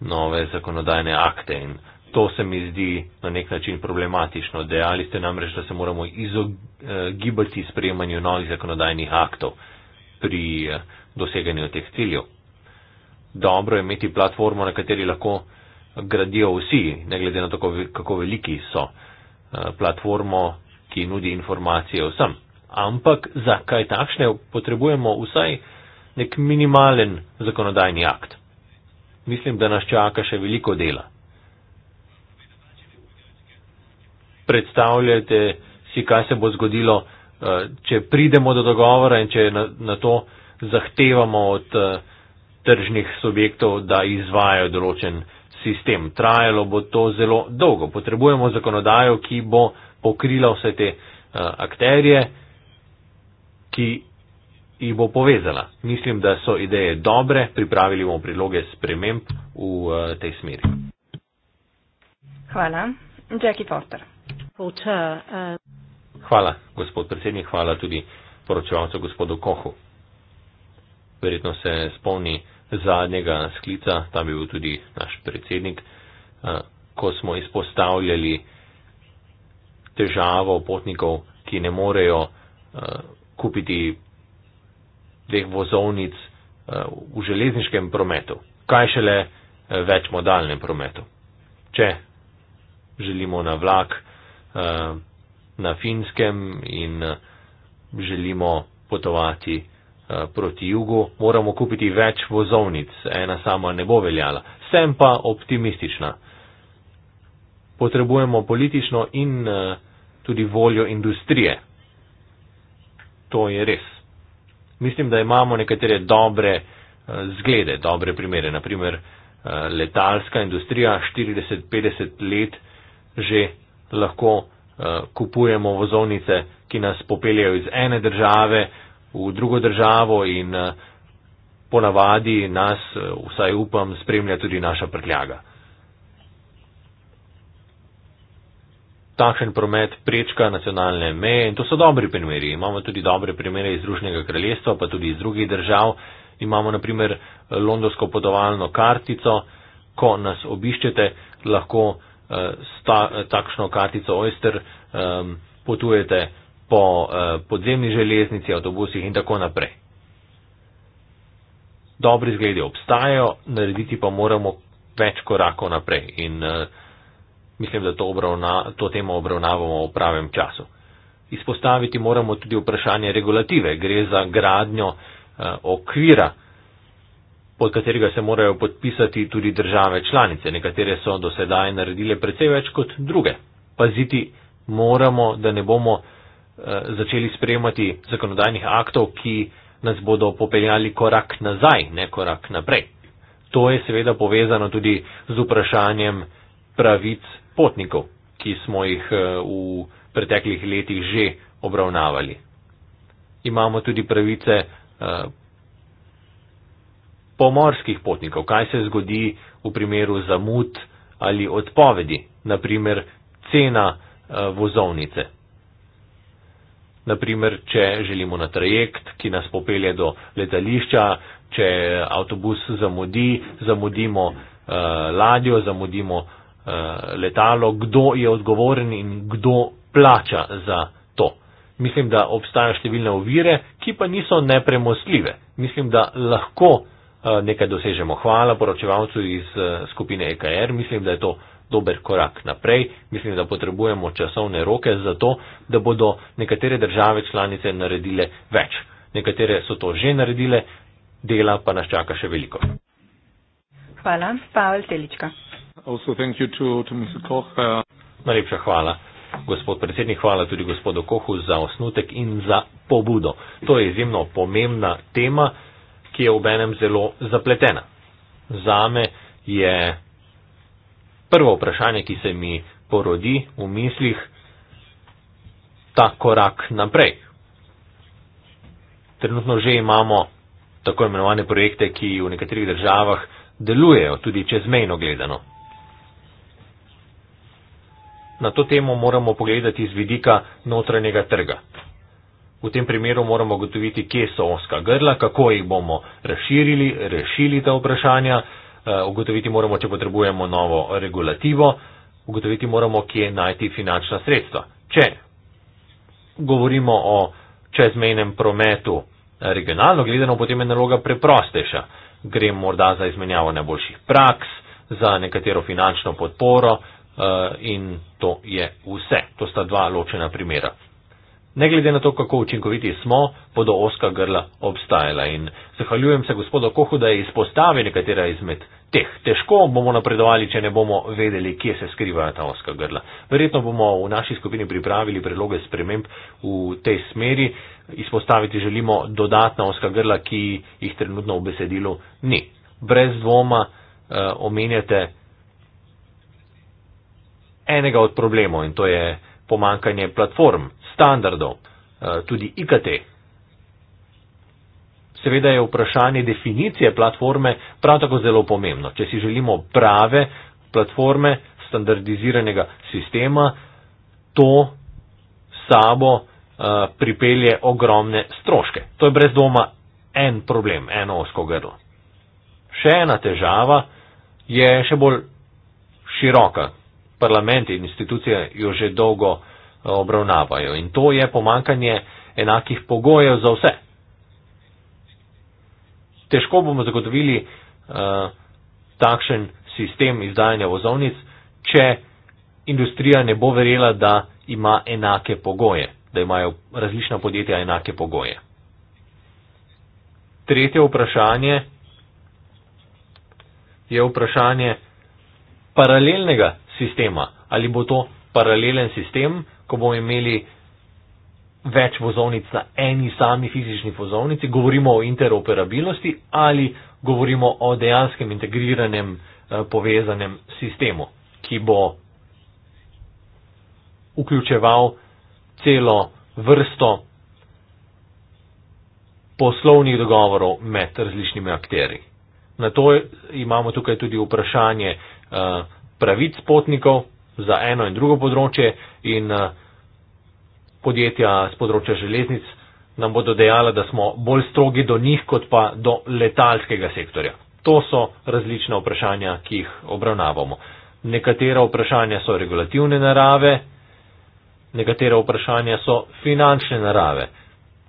nove zakonodajne akte in to se mi zdi na nek način problematično. Dejali ste namreč, da se moramo izogibati eh, sprejemanju novih zakonodajnih aktov pri eh, doseganju teh ciljev. Dobro je imeti platformo, na kateri lahko gradijo vsi, ne glede na to, kako veliki so. Eh, platformo, ki nudi informacije vsem. Ampak za kaj takšne potrebujemo vsaj nek minimalen zakonodajni akt. Mislim, da nas čaka še veliko dela. Predstavljajte si, kaj se bo zgodilo, eh, če pridemo do dogovora in če na, na to zahtevamo od eh, tržnih subjektov, da izvajajo določen sistem. Trajalo bo to zelo dolgo. Potrebujemo zakonodajo, ki bo pokrila vse te eh, akterje, ki jih bo povezala. Mislim, da so ideje dobre, pripravili bomo priloge sprememb v eh, tej smeri. Hvala. Jackie Porter. Hvala, gospod predsednik. Hvala tudi poročevalcu gospodu Kohu verjetno se spomni zadnjega sklica, tam je bil tudi naš predsednik, eh, ko smo izpostavljali težavo potnikov, ki ne morejo eh, kupiti teh vozovnic eh, v železniškem prometu. Kaj šele več modalnem prometu. Če želimo na vlak na finskem in želimo potovati Eh, proti jugu, moramo kupiti več vozovnic, ena sama ne bo veljala. Sem pa optimistična. Potrebujemo politično in eh, tudi voljo industrije. To je res. Mislim, da imamo nekatere dobre eh, zglede, dobre primere. Naprimer, letalska industrija 40-50 let že lahko kupujemo vozovnice, ki nas popeljajo iz ene države v drugo državo in eh, ponavadi nas, eh, vsaj upam, spremlja tudi naša prtljaga. Takšen promet prečka nacionalne meje in to so dobri primeri. Imamo tudi dobre primere iz Združenega kraljestva, pa tudi iz drugih držav. Imamo naprimer londonsko potovalno kartico, ko nas obiščete, lahko eh, sta, takšno kartico Oyster eh, potujete po eh, podzemni železnici, avtobusih in tako naprej. Dobri zgledi obstajajo, narediti pa moramo več korakov naprej in eh, mislim, da to, obravna, to temo obravnavamo v pravem času. Izpostaviti moramo tudi vprašanje regulative. Gre za gradnjo eh, okvira, pod katerega se morajo podpisati tudi države članice. Nekatere so do sedaj naredile precej več kot druge. Paziti moramo, da ne bomo Eh, začeli sprejemati zakonodajnih aktov, ki nas bodo popeljali korak nazaj, ne korak naprej. To je seveda povezano tudi z vprašanjem pravic potnikov, ki smo jih eh, v preteklih letih že obravnavali. Imamo tudi pravice eh, pomorskih potnikov, kaj se zgodi v primeru zamud ali odpovedi, naprimer cena vozovnice. Naprimer, če želimo na trajekt, ki nas popelje do letališča, če avtobus zamudi, zamudimo uh, ladjo, zamudimo uh, letalo, kdo je odgovoren in kdo plača za to. Mislim, da obstajajo številne ovire, ki pa niso nepremostljive. Mislim, da lahko uh, nekaj dosežemo. Hvala poročevalcu iz uh, skupine EKR. Mislim, da je to dober korak naprej. Mislim, da potrebujemo časovne roke za to, da bodo nekatere države članice naredile več. Nekatere so to že naredile, dela pa nas čaka še veliko. Hvala. Pavel Telička. To, to uh, Najlepša hvala. Gospod predsednik, hvala tudi gospodu Kohu za osnutek in za pobudo. To je izjemno pomembna tema, ki je v enem zelo zapletena. Zame je prvo vprašanje, ki se mi porodi v mislih, ta korak naprej. Trenutno že imamo tako imenovane projekte, ki v nekaterih državah delujejo, tudi čezmejno gledano. Na to temo moramo pogledati z vidika notranjega trga. V tem primeru moramo gotoviti, kje so oska grla, kako jih bomo razširili, rešili ta vprašanja, Eh, ugotoviti moramo, če potrebujemo novo regulativo, ugotoviti moramo, kje najti finančna sredstva. Če govorimo o čezmejnem prometu eh, regionalno gledano, potem je naloga preprostejša. Gre morda za izmenjavo najboljših praks, za nekatero finančno podporo eh, in to je vse. To sta dva ločena primera. Ne glede na to, kako učinkoviti smo, bodo oska grla obstajala in zahvaljujem se gospodu Kohu, da je izpostavil nekatera izmed teh. Težko bomo napredovali, če ne bomo vedeli, kje se skrivajo ta oska grla. Verjetno bomo v naši skupini pripravili predloge sprememb v tej smeri. Izpostaviti želimo dodatna oska grla, ki jih trenutno v besedilu ni. Brez dvoma uh, omenjate enega od problemov in to je pomankanje platform standardov, eh, tudi IKT. Seveda je vprašanje definicije platforme prav tako zelo pomembno. Če si želimo prave platforme standardiziranega sistema, to sabo uh, pripelje ogromne stroške. To je brez doma en problem, eno osko grlo. Še ena težava je še bolj široka. Parlament in institucije jo že dolgo obravnavajo in to je pomankanje enakih pogojev za vse. Težko bomo zagotovili uh, takšen sistem izdajanja vozovnic, če industrija ne bo verjela, da ima enake pogoje, da imajo različna podjetja enake pogoje. Tretje vprašanje je vprašanje paralelnega sistema. Ali bo to paralelen sistem? ko bomo imeli več vozovnic na eni sami fizični vozovnici, govorimo o interoperabilnosti ali govorimo o dejanskem integriranem eh, povezanem sistemu, ki bo vključeval celo vrsto poslovnih dogovorov med različnimi akteri. Na to imamo tukaj tudi vprašanje eh, pravic potnikov, za eno in drugo področje in eh, podjetja z področja železnic nam bodo dejala, da smo bolj strogi do njih, kot pa do letalskega sektorja. To so različna vprašanja, ki jih obravnavamo. Nekatera vprašanja so regulativne narave, nekatera vprašanja so finančne narave.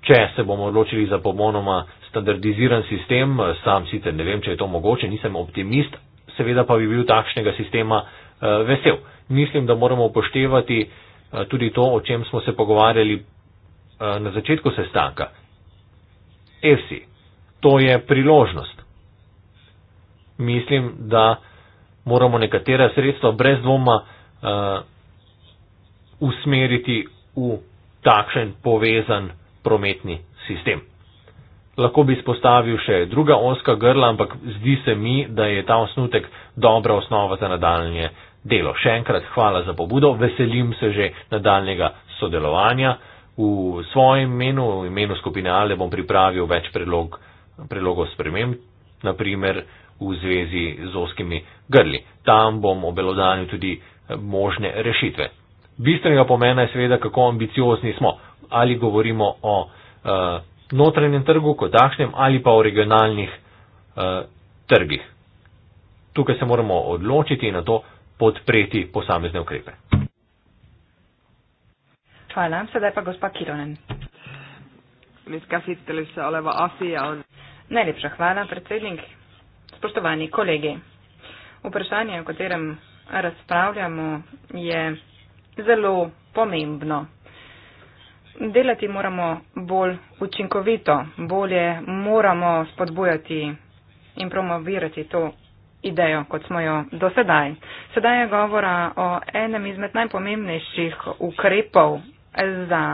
Če se bomo odločili za pomonoma standardiziran sistem, eh, sam sicer ne vem, če je to mogoče, nisem optimist, seveda pa bi bil takšnega sistema eh, vesel mislim, da moramo upoštevati eh, tudi to, o čem smo se pogovarjali eh, na začetku sestanka. Esi, to je priložnost. Mislim, da moramo nekatera sredstva brez dvoma uh, usmeriti v takšen povezan prometni sistem. Lahko bi spostavil še druga oska grla, ampak zdi se mi, da je ta osnutek dobra osnova za nadaljne delo. Še enkrat hvala za pobudo, veselim se že nadaljnega sodelovanja. V svojem imenu, v imenu skupine Ale bom pripravil več predlog, predlogov sprememb, naprimer v zvezi z oskimi grli. Tam bom obelodanil tudi možne rešitve. Bistvenega pomena je seveda, kako ambiciozni smo. Ali govorimo o uh, notranjem trgu kot takšnem ali pa o regionalnih uh, trgih. Tukaj se moramo odločiti in na to podpreti posamezne ukrepe. Hvala. Sedaj pa gospa Kironen. Najlepša hvala, predsednik. Spoštovani kolegi. Vprašanje, o katerem razpravljamo, je zelo pomembno. Delati moramo bolj učinkovito, bolje moramo spodbujati in promovirati to idejo, kot smo jo do sedaj. Sedaj je govora o enem izmed najpomembnejših ukrepov za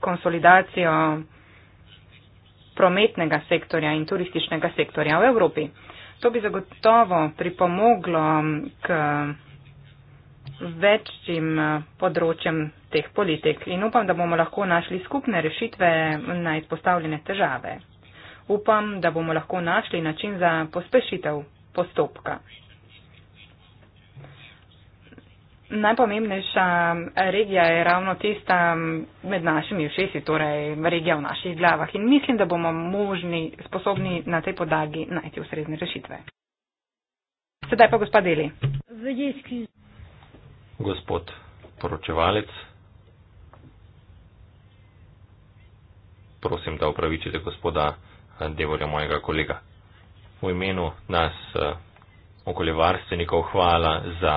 konsolidacijo prometnega sektorja in turističnega sektorja v Evropi. To bi zagotovo pripomoglo k večjim področjem teh politik in upam, da bomo lahko našli skupne rešitve na izpostavljene težave. Upam, da bomo lahko našli način za pospešitev postopka. Najpomembnejša regija je ravno tista med našimi všesi, torej regija v naših glavah in mislim, da bomo možni, sposobni na tej podagi najti ustrezne rešitve. Sedaj pa gospod Deli. Gospod poročevalec, prosim, da upravičite gospoda Devorja, mojega kolega v imenu nas eh, okoljevarstvenikov hvala za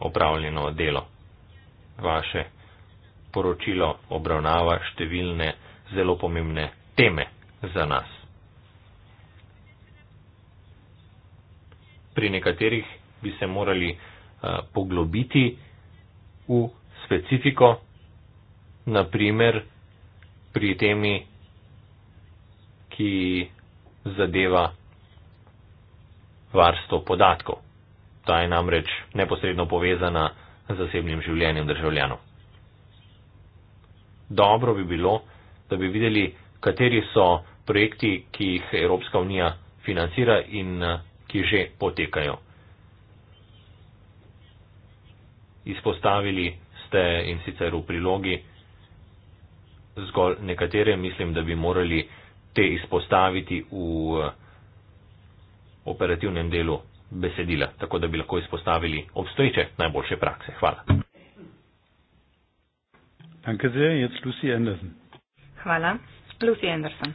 opravljeno delo. Vaše poročilo obravnava številne zelo pomembne teme za nas. Pri nekaterih bi se morali uh, poglobiti v specifiko, naprimer pri temi, ki zadeva varstvo podatkov. Ta je namreč neposredno povezana z zasebnim življenjem državljanov. Dobro bi bilo, da bi videli, kateri so projekti, ki jih Evropska unija financira in eh, ki že potekajo. Izpostavili ste in sicer v prilogi zgolj nekatere, mislim, da bi morali te izpostaviti v operativnem delu besedila, tako da bi lahko izpostavili obstoječe najboljše prakse. Hvala. Hvala. Lucy Anderson.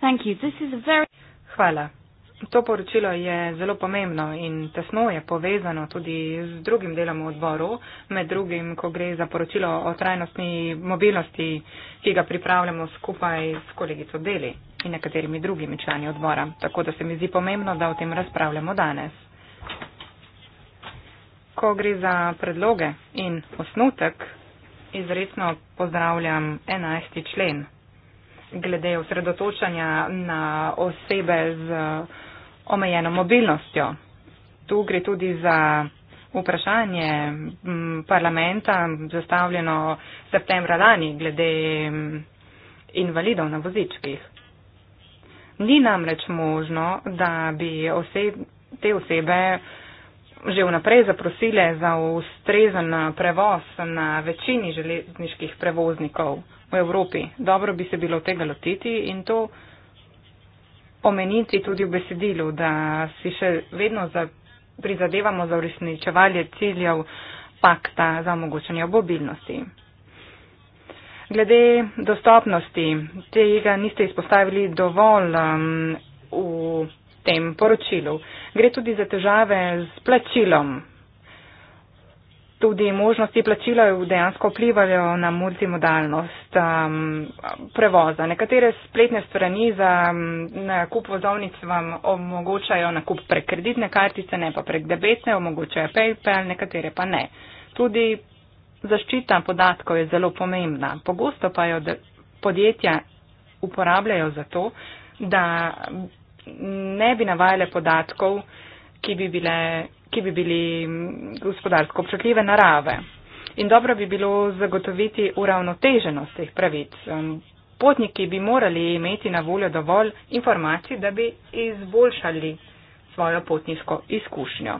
Thank you. This is a very... Hvala. To poročilo je zelo pomembno in tesno je povezano tudi z drugim delom odboru, med drugim, ko gre za poročilo o trajnostni mobilnosti, ki ga pripravljamo skupaj s kolegico Deli in nekaterimi drugimi člani odbora. Tako da se mi zdi pomembno, da o tem razpravljamo danes. Ko gre za predloge in osnutek, izredno pozdravljam 11. člen. Glede osredotočanja na osebe z omejeno mobilnostjo. Tu gre tudi za vprašanje parlamenta, zastavljeno septembra lani, glede invalidov na vozičkih. Ni namreč možno, da bi oseb, te osebe že vnaprej zaprosile za ustrezen prevoz na večini železniških prevoznikov v Evropi. Dobro bi se bilo tega lotiti in to omeniti tudi v besedilu, da si še vedno za, prizadevamo za uresničevanje ciljev pakta za omogočanje obobilnosti. Glede dostopnosti, tega niste izpostavili dovolj um, v tem poročilu. Gre tudi za težave s plačilom. Tudi možnosti plačila dejansko vplivajo na multimodalnost um, prevoza. Nekatere spletne strani za um, nakup um, vozovnic vam omogočajo nakup prek kreditne kartice, ne pa prek debetne, omogočajo PayPal, nekatere pa ne. Tudi Zaščita podatkov je zelo pomembna. Pogosto pa jo podjetja uporabljajo zato, da ne bi navajale podatkov, ki bi, bile, ki bi bili mm, gospodarsko občutljive narave. In dobro bi bilo zagotoviti uravnoteženost teh pravic. Um, potniki bi morali imeti na voljo dovolj informacij, da bi izboljšali svojo potniško izkušnjo.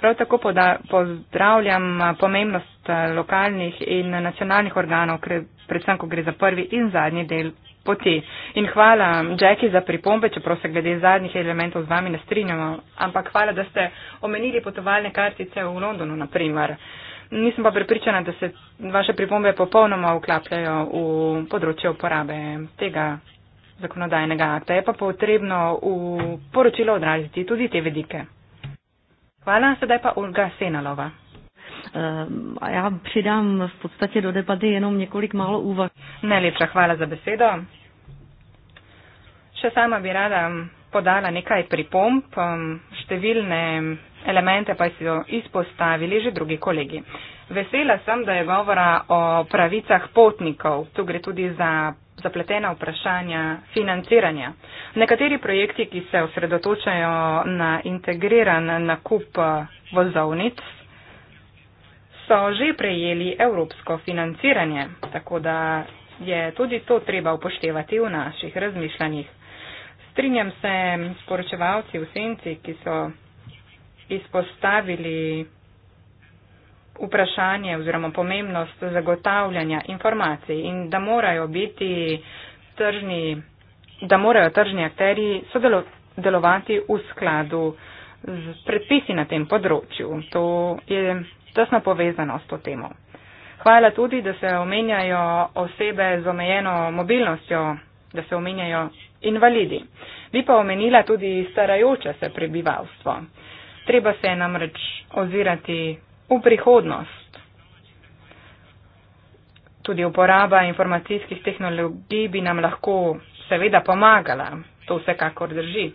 Prav tako poda, pozdravljam pomembnost lokalnih in nacionalnih organov, kre, predvsem, ko gre za prvi in zadnji del poti. In hvala, Jackie, za pripombe, čeprav se glede zadnjih elementov z vami ne strinjamo, ampak hvala, da ste omenili potovalne kartice v Londonu, naprimer. Nisem pa pripričana, da se vaše pripombe popolnoma uklapljajo v področje uporabe tega zakonodajnega akta. Je pa potrebno v poročilo odraziti tudi te vedike. Hvala, sedaj pa Olga Senalova. Ehm, a ja pridam v podstate do debate jenom nekolik malo uvah. Najlepša hvala za besedo. Še sama bi rada podala nekaj pripomp, številne elemente pa so izpostavili že drugi kolegi. Vesela sem, da je govora o pravicah potnikov. Tu gre tudi za zapletena vprašanja financiranja. Nekateri projekti, ki se osredotočajo na integriran nakup eh, vozovnic, so že prejeli evropsko financiranje, tako da je tudi to treba upoštevati v naših razmišljanjih. Strinjam se s poročevalci v senci, ki so izpostavili vprašanje oziroma pomembnost zagotavljanja informacij in da morajo biti tržni, da morajo tržni akteri sodelovati v skladu z predpisi na tem področju. To je tesno povezano s to temo. Hvala tudi, da se omenjajo osebe z omejeno mobilnostjo, da se omenjajo invalidi. Bi pa omenila tudi starajoče se prebivalstvo. Treba se je namreč ozirati v prihodnost. Tudi uporaba informacijskih tehnologij bi nam lahko seveda pomagala, to vsekakor drži.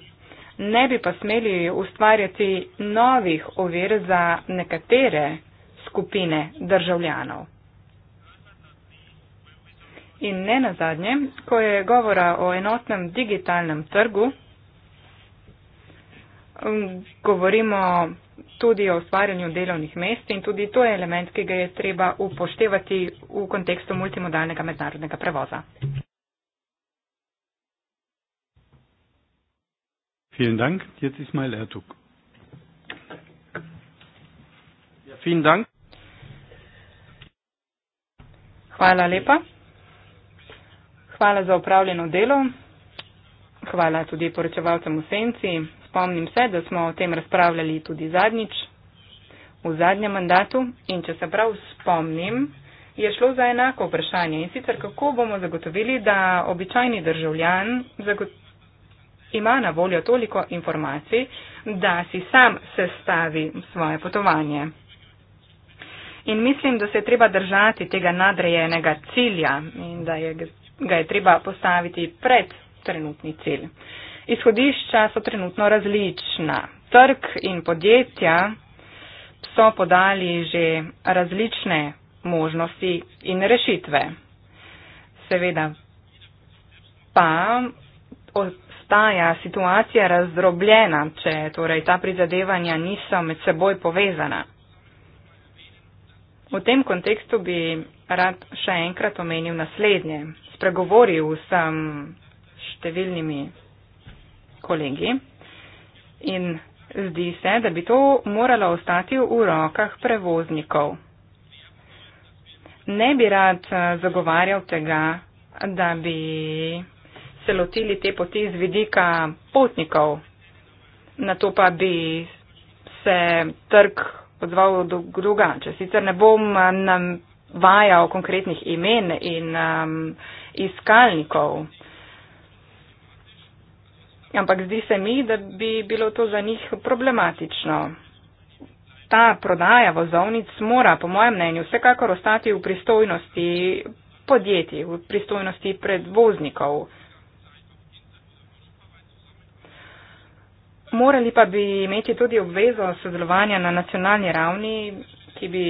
Ne bi pa smeli ustvarjati novih ovir za nekatere skupine državljanov. In ne nazadnje, ko je govora o enotnem digitalnem trgu, um, govorimo tudi o ustvarjanju delovnih mest in tudi to je element, ki ga je treba upoštevati v kontekstu multimodalnega mednarodnega prevoza. Vielen Dank. Jetzt Ismail Ertug. Ja, vielen Dank. Hvala lepa. Hvala za upravljeno delo. Hvala tudi poročevalcem v senci spomnim se, da smo o tem razpravljali tudi zadnjič, v zadnjem mandatu. In če se prav spomnim, je šlo za enako vprašanje. In sicer, kako bomo zagotovili, da običajni državljan ima na voljo toliko informacij, da si sam sestavi svoje potovanje. In mislim, da se je treba držati tega nadrejenega cilja in da je, ga je treba postaviti pred trenutni cilj. Uh, Izhodišča so trenutno različna. Trg in podjetja so podali že različne možnosti in rešitve. Seveda pa ostaja situacija razdrobljena, če torej ta prizadevanja niso med seboj povezana. V tem kontekstu bi rad še enkrat omenil naslednje. Spregovoril sem številnimi kolegi. In zdi se, da bi to moralo ostati v rokah prevoznikov. Ne bi rad eh, zagovarjal tega, da bi se lotili te poti z vidika potnikov. Na to pa bi se trg odzval drugače. Sicer ne bom eh, nam vajal konkretnih imen in um, iskalnikov, ampak zdi se mi, da bi bilo to za njih problematično. Ta prodaja vozovnic mora, po mojem mnenju, vsekakor ostati v pristojnosti podjetij, v pristojnosti predvoznikov. Morali pa bi imeti tudi obvezo sodelovanja na nacionalni ravni, ki bi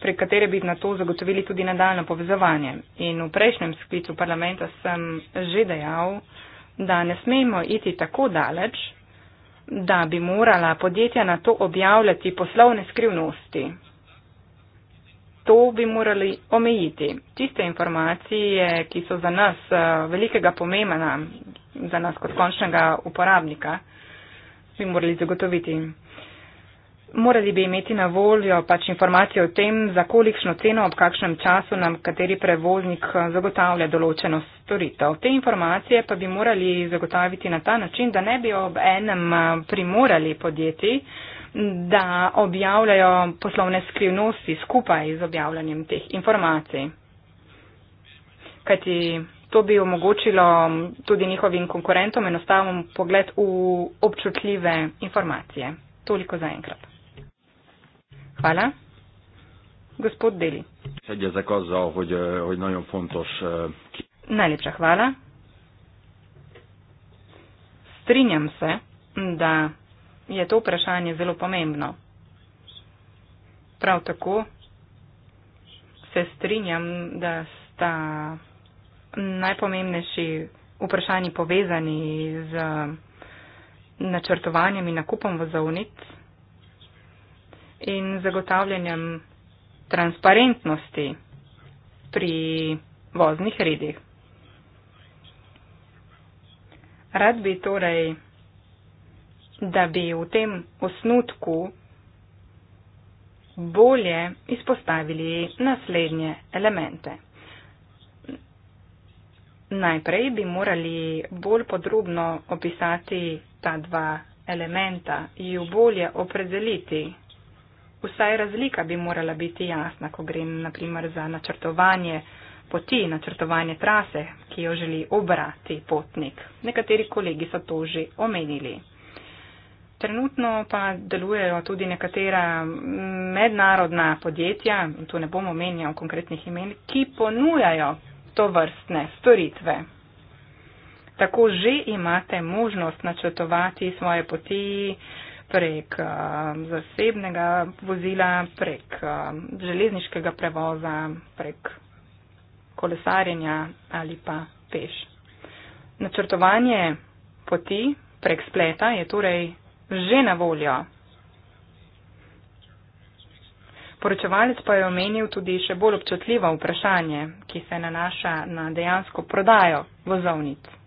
prek katere bi na to zagotovili tudi nadaljno povezovanje. In v prejšnjem sklicu parlamenta sem že dejal, da ne smemo iti tako daleč, da bi morala podjetja na to objavljati poslovne skrivnosti. To bi morali omejiti. Tiste informacije, ki so za nas eh, velikega pomena, za nas kot končnega uporabnika, bi morali zagotoviti morali bi imeti na voljo pač informacije o tem, za kolikšno ceno, ob kakšnem času nam kateri prevoznik eh, zagotavlja določeno storitev. Te informacije pa bi morali zagotaviti na ta način, da ne bi ob enem eh, primorali podjetij, da objavljajo poslovne skrivnosti skupaj z objavljanjem teh informacij. Kajti to bi omogočilo tudi njihovim konkurentom enostavno pogled v občutljive informacije. Toliko za enkrat. Hvala. Gospod Deli. Hogy, hogy fontos, uh, ki... Najlepša hvala. Strinjam se, da je to vprašanje zelo pomembno. Prav tako se strinjam, da sta najpomembnejši vprašanji povezani z načrtovanjem in nakupom vozovnic in zagotavljanjem transparentnosti pri voznih redih. Rad bi torej, da bi v tem osnutku bolje izpostavili naslednje elemente. Najprej bi morali bolj podrobno opisati ta dva elementa, ju bolje opredeliti vsaj razlika bi morala biti jasna, ko gre naprimer za načrtovanje poti, načrtovanje trase, ki jo želi obrati potnik. Nekateri kolegi so to že omenili. Trenutno pa delujejo tudi nekatera mm, mednarodna podjetja, tu ne bom omenjal konkretnih imen, ki ponujajo to vrstne storitve. Tako že imate možnost načrtovati svoje poti, eh, prek um, zasebnega vozila, prek um, železniškega prevoza, prek kolesarjenja ali pa peš. Načrtovanje poti prek spleta je torej že na voljo. Poročevalec pa je omenil tudi še bolj občutljivo vprašanje, ki se nanaša na dejansko prodajo vozovnic.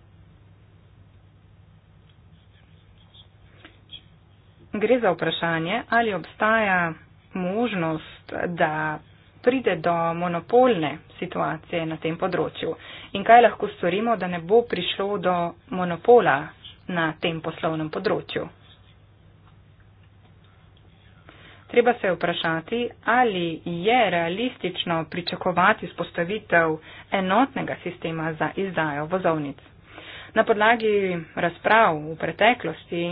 gre za vprašanje, ali obstaja možnost, da pride do monopolne situacije na tem področju in kaj lahko storimo, da ne bo prišlo do monopola na tem poslovnem področju. Treba se vprašati, ali je realistično pričakovati spostavitev enotnega sistema za izdajo vozovnic. Na podlagi razprav v preteklosti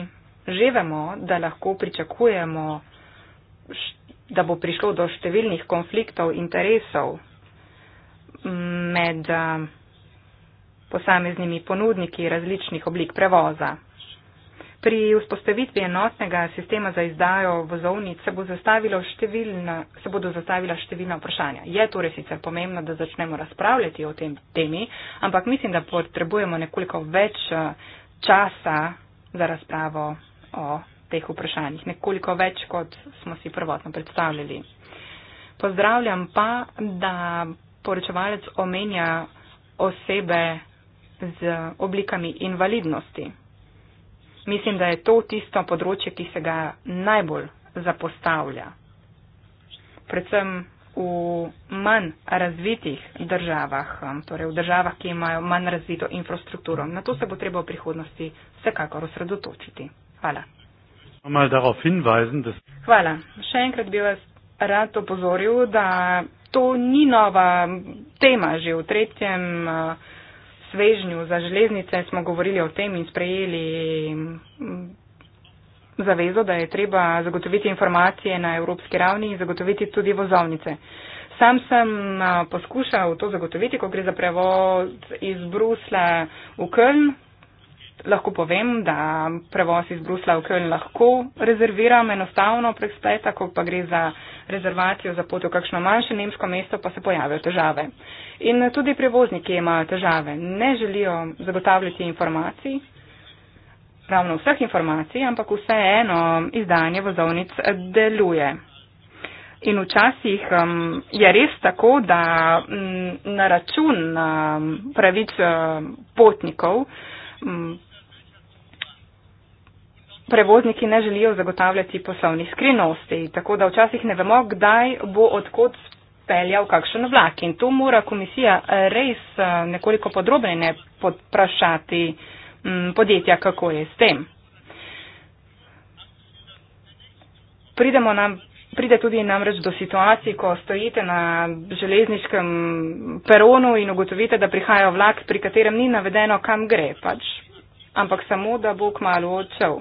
že vemo, da lahko pričakujemo, da bo prišlo do številnih konfliktov interesov med posameznimi ponudniki različnih oblik prevoza. Pri vzpostavitvi enotnega sistema za izdajo vozovnic se, bo številna, se bodo zastavila številna vprašanja. Je torej sicer pomembno, da začnemo razpravljati o tem temi, ampak mislim, da potrebujemo nekoliko več časa za razpravo o teh vprašanjih, nekoliko več, kot smo si prvotno predstavljali. Pozdravljam pa, da poročevalec omenja osebe z oblikami invalidnosti. Mislim, da je to tisto področje, ki se ga najbolj zapostavlja. Predvsem v manj razvitih državah, um, torej v državah, ki imajo manj razvito infrastrukturo. Na to se bo treba v prihodnosti vsekakor osredotočiti. Hvala. Mal darauf hinweisen, dass Hvala. Še enkrat bi vas rad opozoril, da to ni nova tema. Že v tretjem eh, svežnju za železnice smo govorili o tem in sprejeli mm, zavezo, da je treba zagotoviti informacije na evropski ravni in zagotoviti tudi vozovnice. Sam sem eh, poskušal to zagotoviti, ko gre za prevoz iz Brusla v Köln, lahko povem, da prevoz iz Brusla v Köln lahko rezerviram enostavno prek spleta, ko pa gre za rezervacijo za pot v kakšno manjše nemško mesto, pa se pojavijo težave. In tudi prevozniki imajo težave. Ne želijo zagotavljati informacij, ravno vseh informacij, ampak vseeno izdanje vozovnic deluje. In včasih um, je res tako, da m, mm, na račun um, pravic um, potnikov um, prevozniki ne želijo zagotavljati poslovnih skrivnosti, tako da včasih ne vemo, kdaj bo odkot peljal kakšen vlak. In to mora komisija res eh, nekoliko podrobneje podprašati mm, podjetja, kako je s tem. Pridemo nam. Pride tudi namreč do situacij, ko stojite na železniškem peronu in ugotovite, da prihaja vlak, pri katerem ni navedeno, kam gre, pač, ampak samo, da bo kmalo odšel.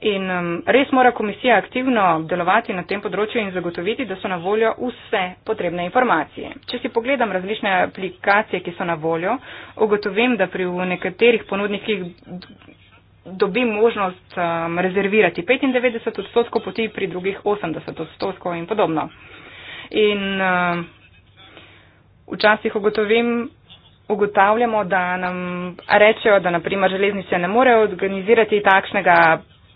In um, res mora komisija aktivno delovati na tem področju in zagotoviti, da so na voljo vse potrebne informacije. Če si pogledam različne aplikacije, ki so na voljo, ugotovim, da pri nekaterih ponudnikih dobi možnost um, rezervirati 95 odstotkov poti, pri drugih 80 odstotkov in podobno. In um, včasih ugotovim. Ugotavljamo, da nam rečejo, da naprimer železnice ne morejo organizirati takšnega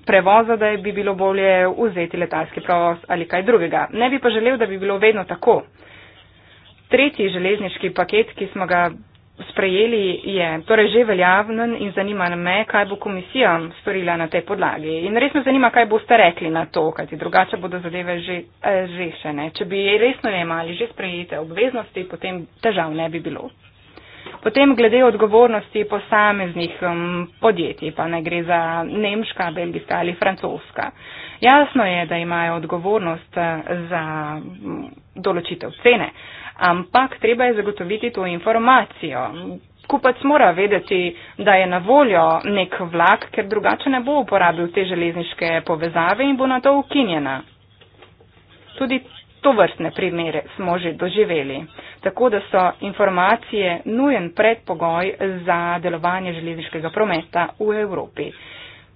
prevoza, da bi bilo bolje vzeti letalski prevoz ali kaj drugega. Ne bi pa želel, da bi bilo vedno tako. Tretji železniški paket, ki smo ga sprejeli, je torej že veljaven in zanima me, kaj bo komisija storila na tej podlagi. In resno zanima, kaj boste rekli na to, kajti drugače bodo zadeve že eh, rešene. Če bi resno jemali že sprejete obveznosti, potem težav ne bi bilo. Potem glede odgovornosti posameznih um, podjetij, pa ne gre za nemška, belgijska ali francoska. Jasno je, da imajo odgovornost uh, za um, določitev cene, ampak treba je zagotoviti to informacijo. Kupac mora vedeti, da je na voljo nek vlak, ker drugače ne bo uporabil te železniške povezave in bo na to ukinjena. Tudi To vrstne primere smo že doživeli. Tako da so informacije nujen predpogoj za delovanje železniškega prometa v Evropi.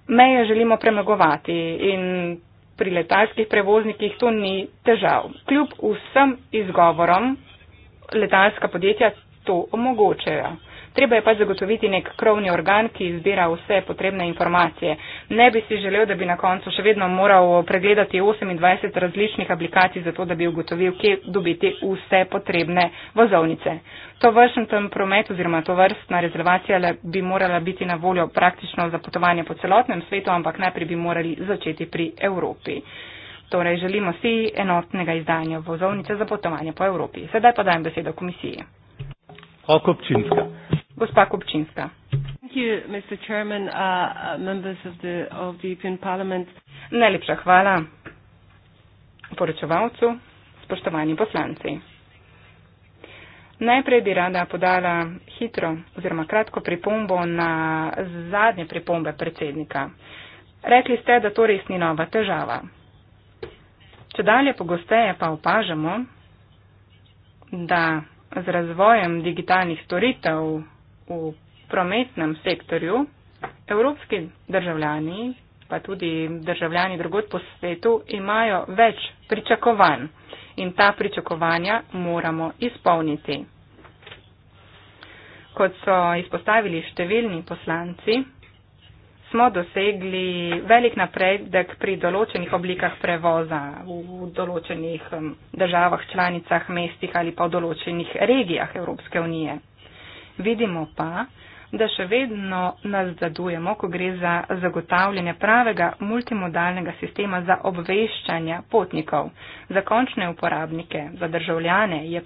Meje želimo premagovati in pri letalskih prevoznikih to ni težav. Kljub vsem izgovorom letalska podjetja to omogočajo. Treba je pač zagotoviti nek krovni organ, ki zbira vse potrebne informacije. Ne bi si želel, da bi na koncu še vedno moral pregledati 28 različnih aplikacij, zato da bi ugotovil, kje dobiti vse potrebne vozovnice. To vršen promet oziroma to vrstna rezervacija bi morala biti na voljo praktično za potovanje po celotnem svetu, ampak najprej bi morali začeti pri Evropi. Torej, želimo si enotnega izdanja vozovnice za potovanje po Evropi. Sedaj pa dajem besedo komisiji. Okopčinska. Gospa Kopčinska. Uh, uh, Najlepša hvala poročevalcu, spoštovani poslanci. Najprej bi rada podala hitro oziroma kratko pripombo na zadnje pripombe predsednika. Rekli ste, da to res ni nova težava. Če dalje pogosteje pa opažamo, da z razvojem digitalnih storitev v prometnem sektorju, evropski državljani, pa tudi državljani drugot po svetu, imajo več pričakovanj in ta pričakovanja moramo izpolniti. Kot so izpostavili številni poslanci, smo dosegli velik napredek pri določenih oblikah prevoza v določenih um, državah, članicah, mestih ali pa v določenih regijah Evropske unije. Vidimo pa, da še vedno nazadujemo, ko gre za zagotavljanje pravega multimodalnega sistema za obveščanje potnikov. Za končne uporabnike, za državljane je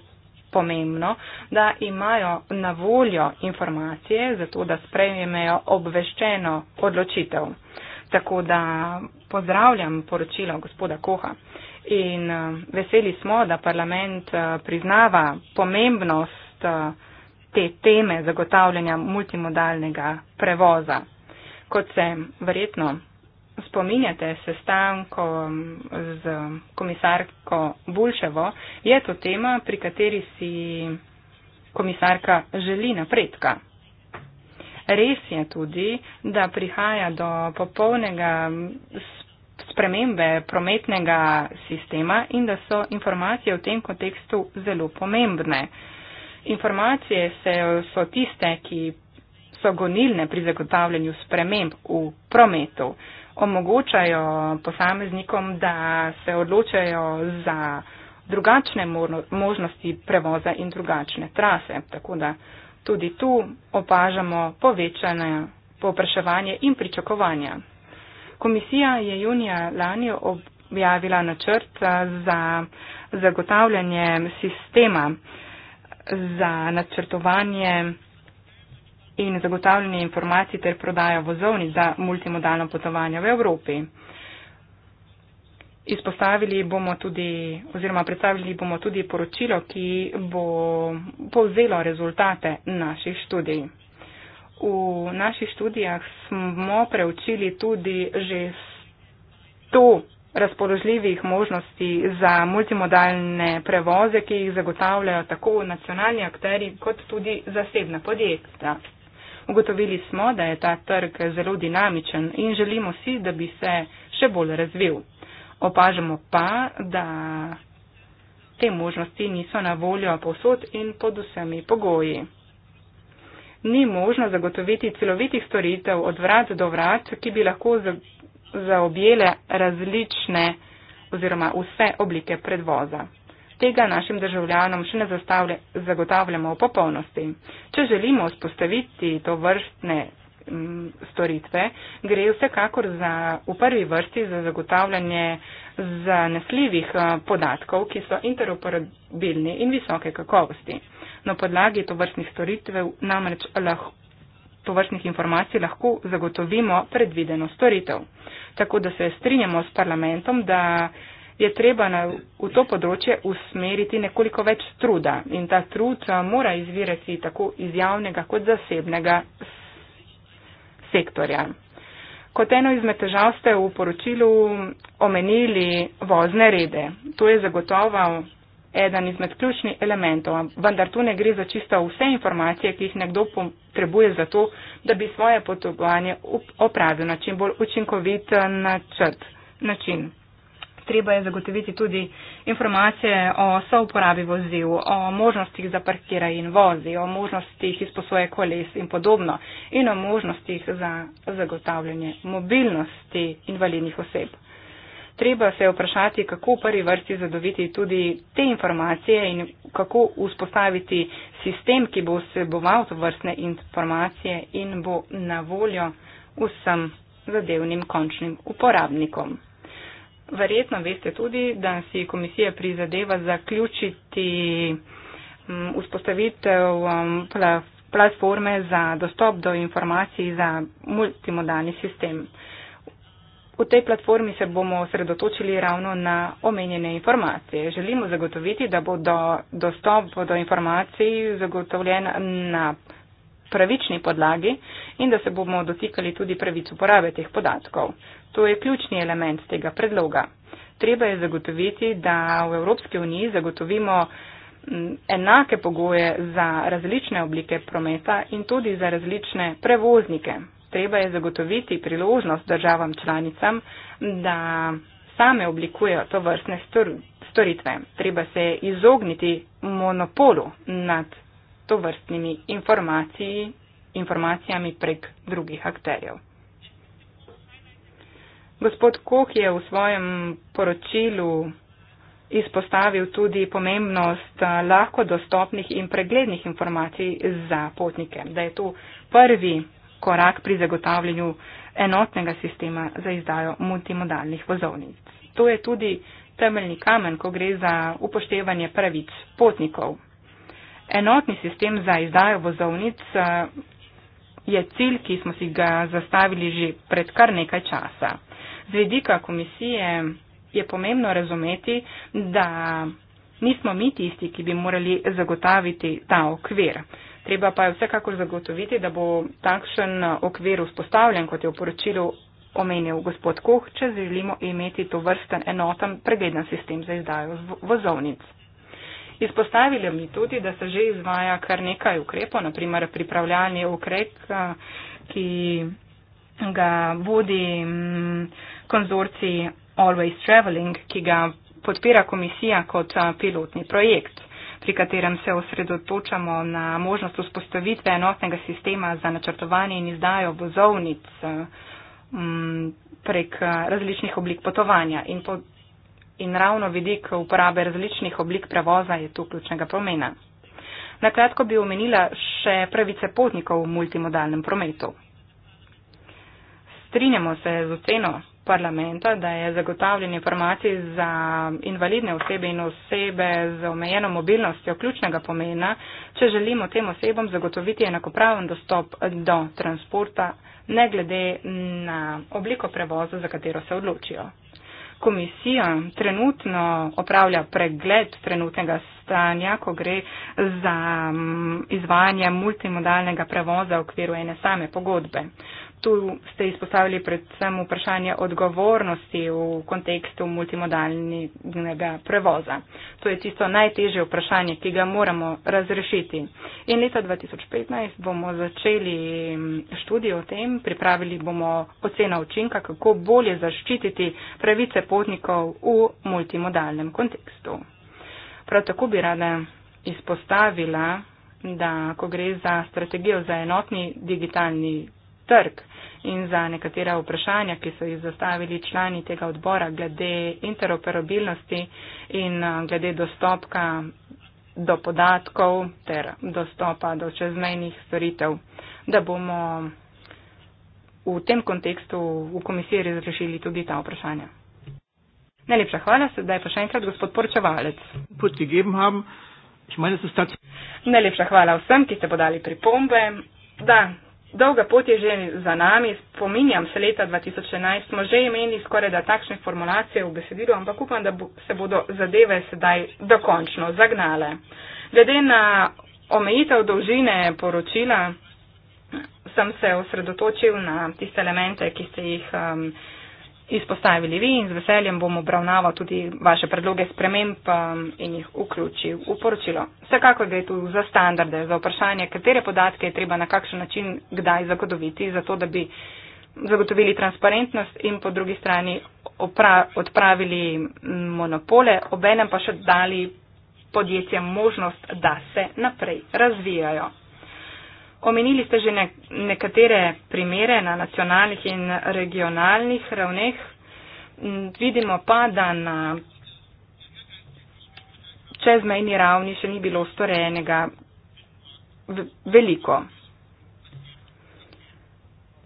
pomembno, da imajo na voljo informacije za to, da sprejmejo obveščeno odločitev. Tako da pozdravljam poročilo gospoda Koha in eh, veseli smo, da parlament eh, priznava pomembnost eh, te teme zagotavljanja multimodalnega prevoza. Kot se verjetno spominjate sestanko z komisarko Bulševo, je to tema, pri kateri si komisarka želi napredka. Res je tudi, da prihaja do popolnega spremembe prometnega sistema in da so informacije v tem kontekstu zelo pomembne. Uh, Informacije se, so tiste, ki so gonilne pri zagotavljanju sprememb v prometu, omogočajo posameznikom, da se odločajo za drugačne možnosti prevoza in drugačne trase. Tako da tudi tu opažamo povečanje povpraševanje in pričakovanja. Komisija je junija lani objavila načrt za zagotavljanje sistema uh, za načrtovanje in zagotavljanje informacij ter prodajo vozovnic za multimodalno potovanje v Evropi. Izpostavili bomo tudi, oziroma predstavili bomo tudi poročilo, ki bo povzelo rezultate naših študij. V naših študijah smo preučili tudi že 100 razpoložljivih možnosti za multimodalne prevoze, ki jih zagotavljajo tako nacionalni akteri kot tudi zasebna podjetja. Ugotovili smo, da je ta trg zelo dinamičen in želimo si, da bi se še bolj razvil. Opažamo pa, da te možnosti niso na voljo posod in pod vsemi pogoji. Ni možno zagotoviti celovitih storitev od vrat do vrat, ki bi lahko zaobjele različne oziroma vse oblike predvoza. Tega našim državljanom še ne zagotavljamo v popolnosti. Če želimo vzpostaviti to vrstne storitve, gre vsekakor za, v prvi vrsti za zagotavljanje zanesljivih eh, podatkov, ki so interoperabilni in visoke kakovosti. Na podlagi tovrstnih storitev namreč lahko tovrstnih informacij lahko zagotovimo predvideno storitev. Tako da se strinjamo s parlamentom, da je treba na, v to področje usmeriti nekoliko več truda in ta trud eh, mora izvirati tako iz javnega kot zasebnega sektorja. Kot eno izmed težav ste v poročilu omenili vozne rede. To je zagotovo eden izmed ključnih elementov, vendar tu ne gre za čisto vse informacije, ki jih nekdo potrebuje za to, da bi svoje potovanje opravil na čim bolj učinkovit eh, načrt, način. Treba je zagotoviti tudi informacije o souporabi vozil, o možnostih za parkiranje in vozi, o možnostih izposoje koles in podobno in o možnostih za zagotavljanje mobilnosti invalidnih oseb treba se vprašati, kako v prvi vrsti zadoviti tudi te informacije in kako vzpostaviti sistem, ki bo vseboval to vrstne informacije in bo na voljo vsem zadevnim končnim uporabnikom. Verjetno veste tudi, da si komisija prizadeva zaključiti mm, vzpostavitev mm, platforme za dostop do informacij za multimodalni sistem. V tej platformi se bomo sredotočili ravno na omenjene informacije. Želimo zagotoviti, da bo do, dostop do informacij zagotovljen na pravični podlagi in da se bomo dotikali tudi pravic uporabe teh podatkov. To je ključni element tega predloga. Treba je zagotoviti, da v Evropski uniji zagotovimo enake pogoje za različne oblike prometa in tudi za različne prevoznike treba je zagotoviti priložnost državam članicam, da same oblikujejo to vrstne storitve. Treba se izogniti monopolu nad to vrstnimi informacijami prek drugih akterjev. Gospod Koh je v svojem poročilu izpostavil tudi pomembnost eh, lahko dostopnih in preglednih informacij za potnike, da je to prvi korak pri zagotavljanju enotnega sistema za izdajo multimodalnih vozovnic. To je tudi temeljni kamen, ko gre za upoštevanje pravic potnikov. Enotni sistem za izdajo vozovnic eh, je cilj, ki smo si ga zastavili že pred kar nekaj časa. Z vedika komisije je pomembno razumeti, da nismo mi tisti, ki bi morali zagotaviti ta okvir. Treba pa je vsekakor zagotoviti, da bo takšen okvir vzpostavljen, kot je v poročilu omenil gospod Koh, če želimo imeti to vrsten enoten pregleden sistem za izdajo vozovnic. Izpostavili mi tudi, da se že izvaja kar nekaj ukrepov, naprimer pripravljanje ukrep, eh, ki ga vodi mm, konzorci Always Traveling, ki ga podpira komisija kot eh, pilotni projekt pri katerem se osredotočamo na možnost vzpostavitve enotnega sistema za načrtovanje in izdajo vozovnic mm, prek eh, različnih oblik potovanja. In, po, in ravno vidik uporabe različnih oblik prevoza je tu ključnega pomena. Na kratko bi omenila še pravice potnikov v multimodalnem prometu. Strinjamo se z oceno, parlamenta, da je zagotavljanje informacij za invalidne osebe in osebe z omejeno mobilnostjo ključnega pomena, če želimo tem osebam zagotoviti enakopraven dostop do transporta, ne glede na obliko prevoza, za katero se odločijo. Komisija trenutno opravlja pregled trenutnega stanja, ko gre za mm, izvajanje multimodalnega prevoza v okviru ene same pogodbe tu ste izpostavili predvsem vprašanje odgovornosti v kontekstu multimodalnega prevoza. To je tisto najtežje vprašanje, ki ga moramo razrešiti. In leta 2015 bomo začeli mm, študijo o tem, pripravili bomo oceno učinka, kako bolje zaščititi pravice potnikov v multimodalnem kontekstu. Prav tako bi rada izpostavila, da ko gre za strategijo za enotni digitalni trg in za nekatera vprašanja, ki so jih zastavili člani tega odbora glede interoperabilnosti in eh, glede dostopka do podatkov ter dostopa do čezmejnih storitev, da bomo v tem kontekstu v komisiji razrešili tudi ta vprašanja. Najlepša hvala, sedaj pa še enkrat gospod Porčevalec. Najlepša hvala vsem, ki ste podali pripombe. Da, Dolga pot je že za nami, spominjam se leta 2011, smo že imeli skoraj da takšne formulacije v besedilu, ampak upam, da bo, se bodo zadeve sedaj dokončno zagnale. Glede na omejitev dolžine poročila sem se osredotočil na tiste elemente, ki ste jih. Um, izpostavili vi in z veseljem bom obravnaval tudi vaše predloge sprememb um, in jih vključil v poročilo. Vsekako gre tu za standarde, za vprašanje, katere podatke je treba na kakšen način kdaj zagotoviti, zato da bi zagotovili transparentnost in po drugi strani odpravili monopole, obenem pa še dali podjetjem možnost, da se naprej razvijajo. Omenili ste že nekatere primere na nacionalnih in regionalnih ravneh. Mm, vidimo pa, da na čezmejni ravni še ni bilo storenega veliko.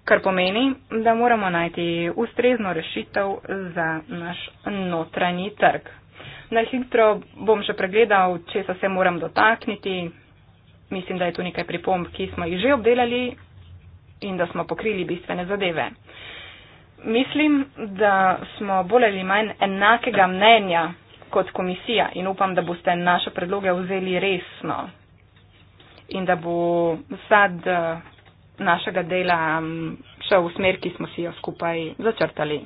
Kar pomeni, da moramo najti ustrezno rešitev za naš notranji trg. Najhitro bom še pregledal, če se moram dotakniti mislim, da je tu nekaj pripomb, ki smo jih že obdelali in da smo pokrili bistvene zadeve. Mislim, da smo bolj ali manj enakega mnenja kot komisija in upam, da boste naše predloge vzeli resno in da bo sad eh, našega dela mm, šel v smer, ki smo si jo skupaj začrtali.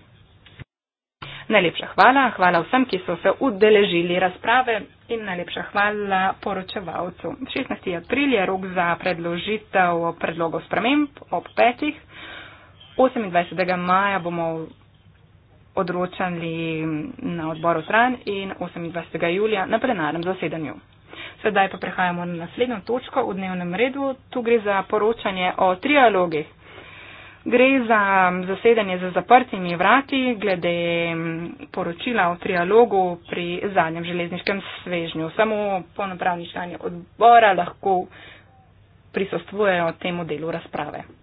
Najlepša hvala, hvala vsem, ki so se udeležili razprave in najlepša hvala poročevalcu. 16. april je rok za predložitev predlogov sprememb ob petih. 28. maja bomo odročali na odboru stran in 28. julija na plenarnem zasedanju. Sedaj pa prehajamo na naslednjo točko v dnevnem redu. Tu gre za poročanje o trialogih. Gre za zasedanje za zaprtimi vrati glede poročila o trialogu pri zadnjem železniškem svežnju. Samo ponopravni člani odbora lahko prisostvujejo temu delu razprave.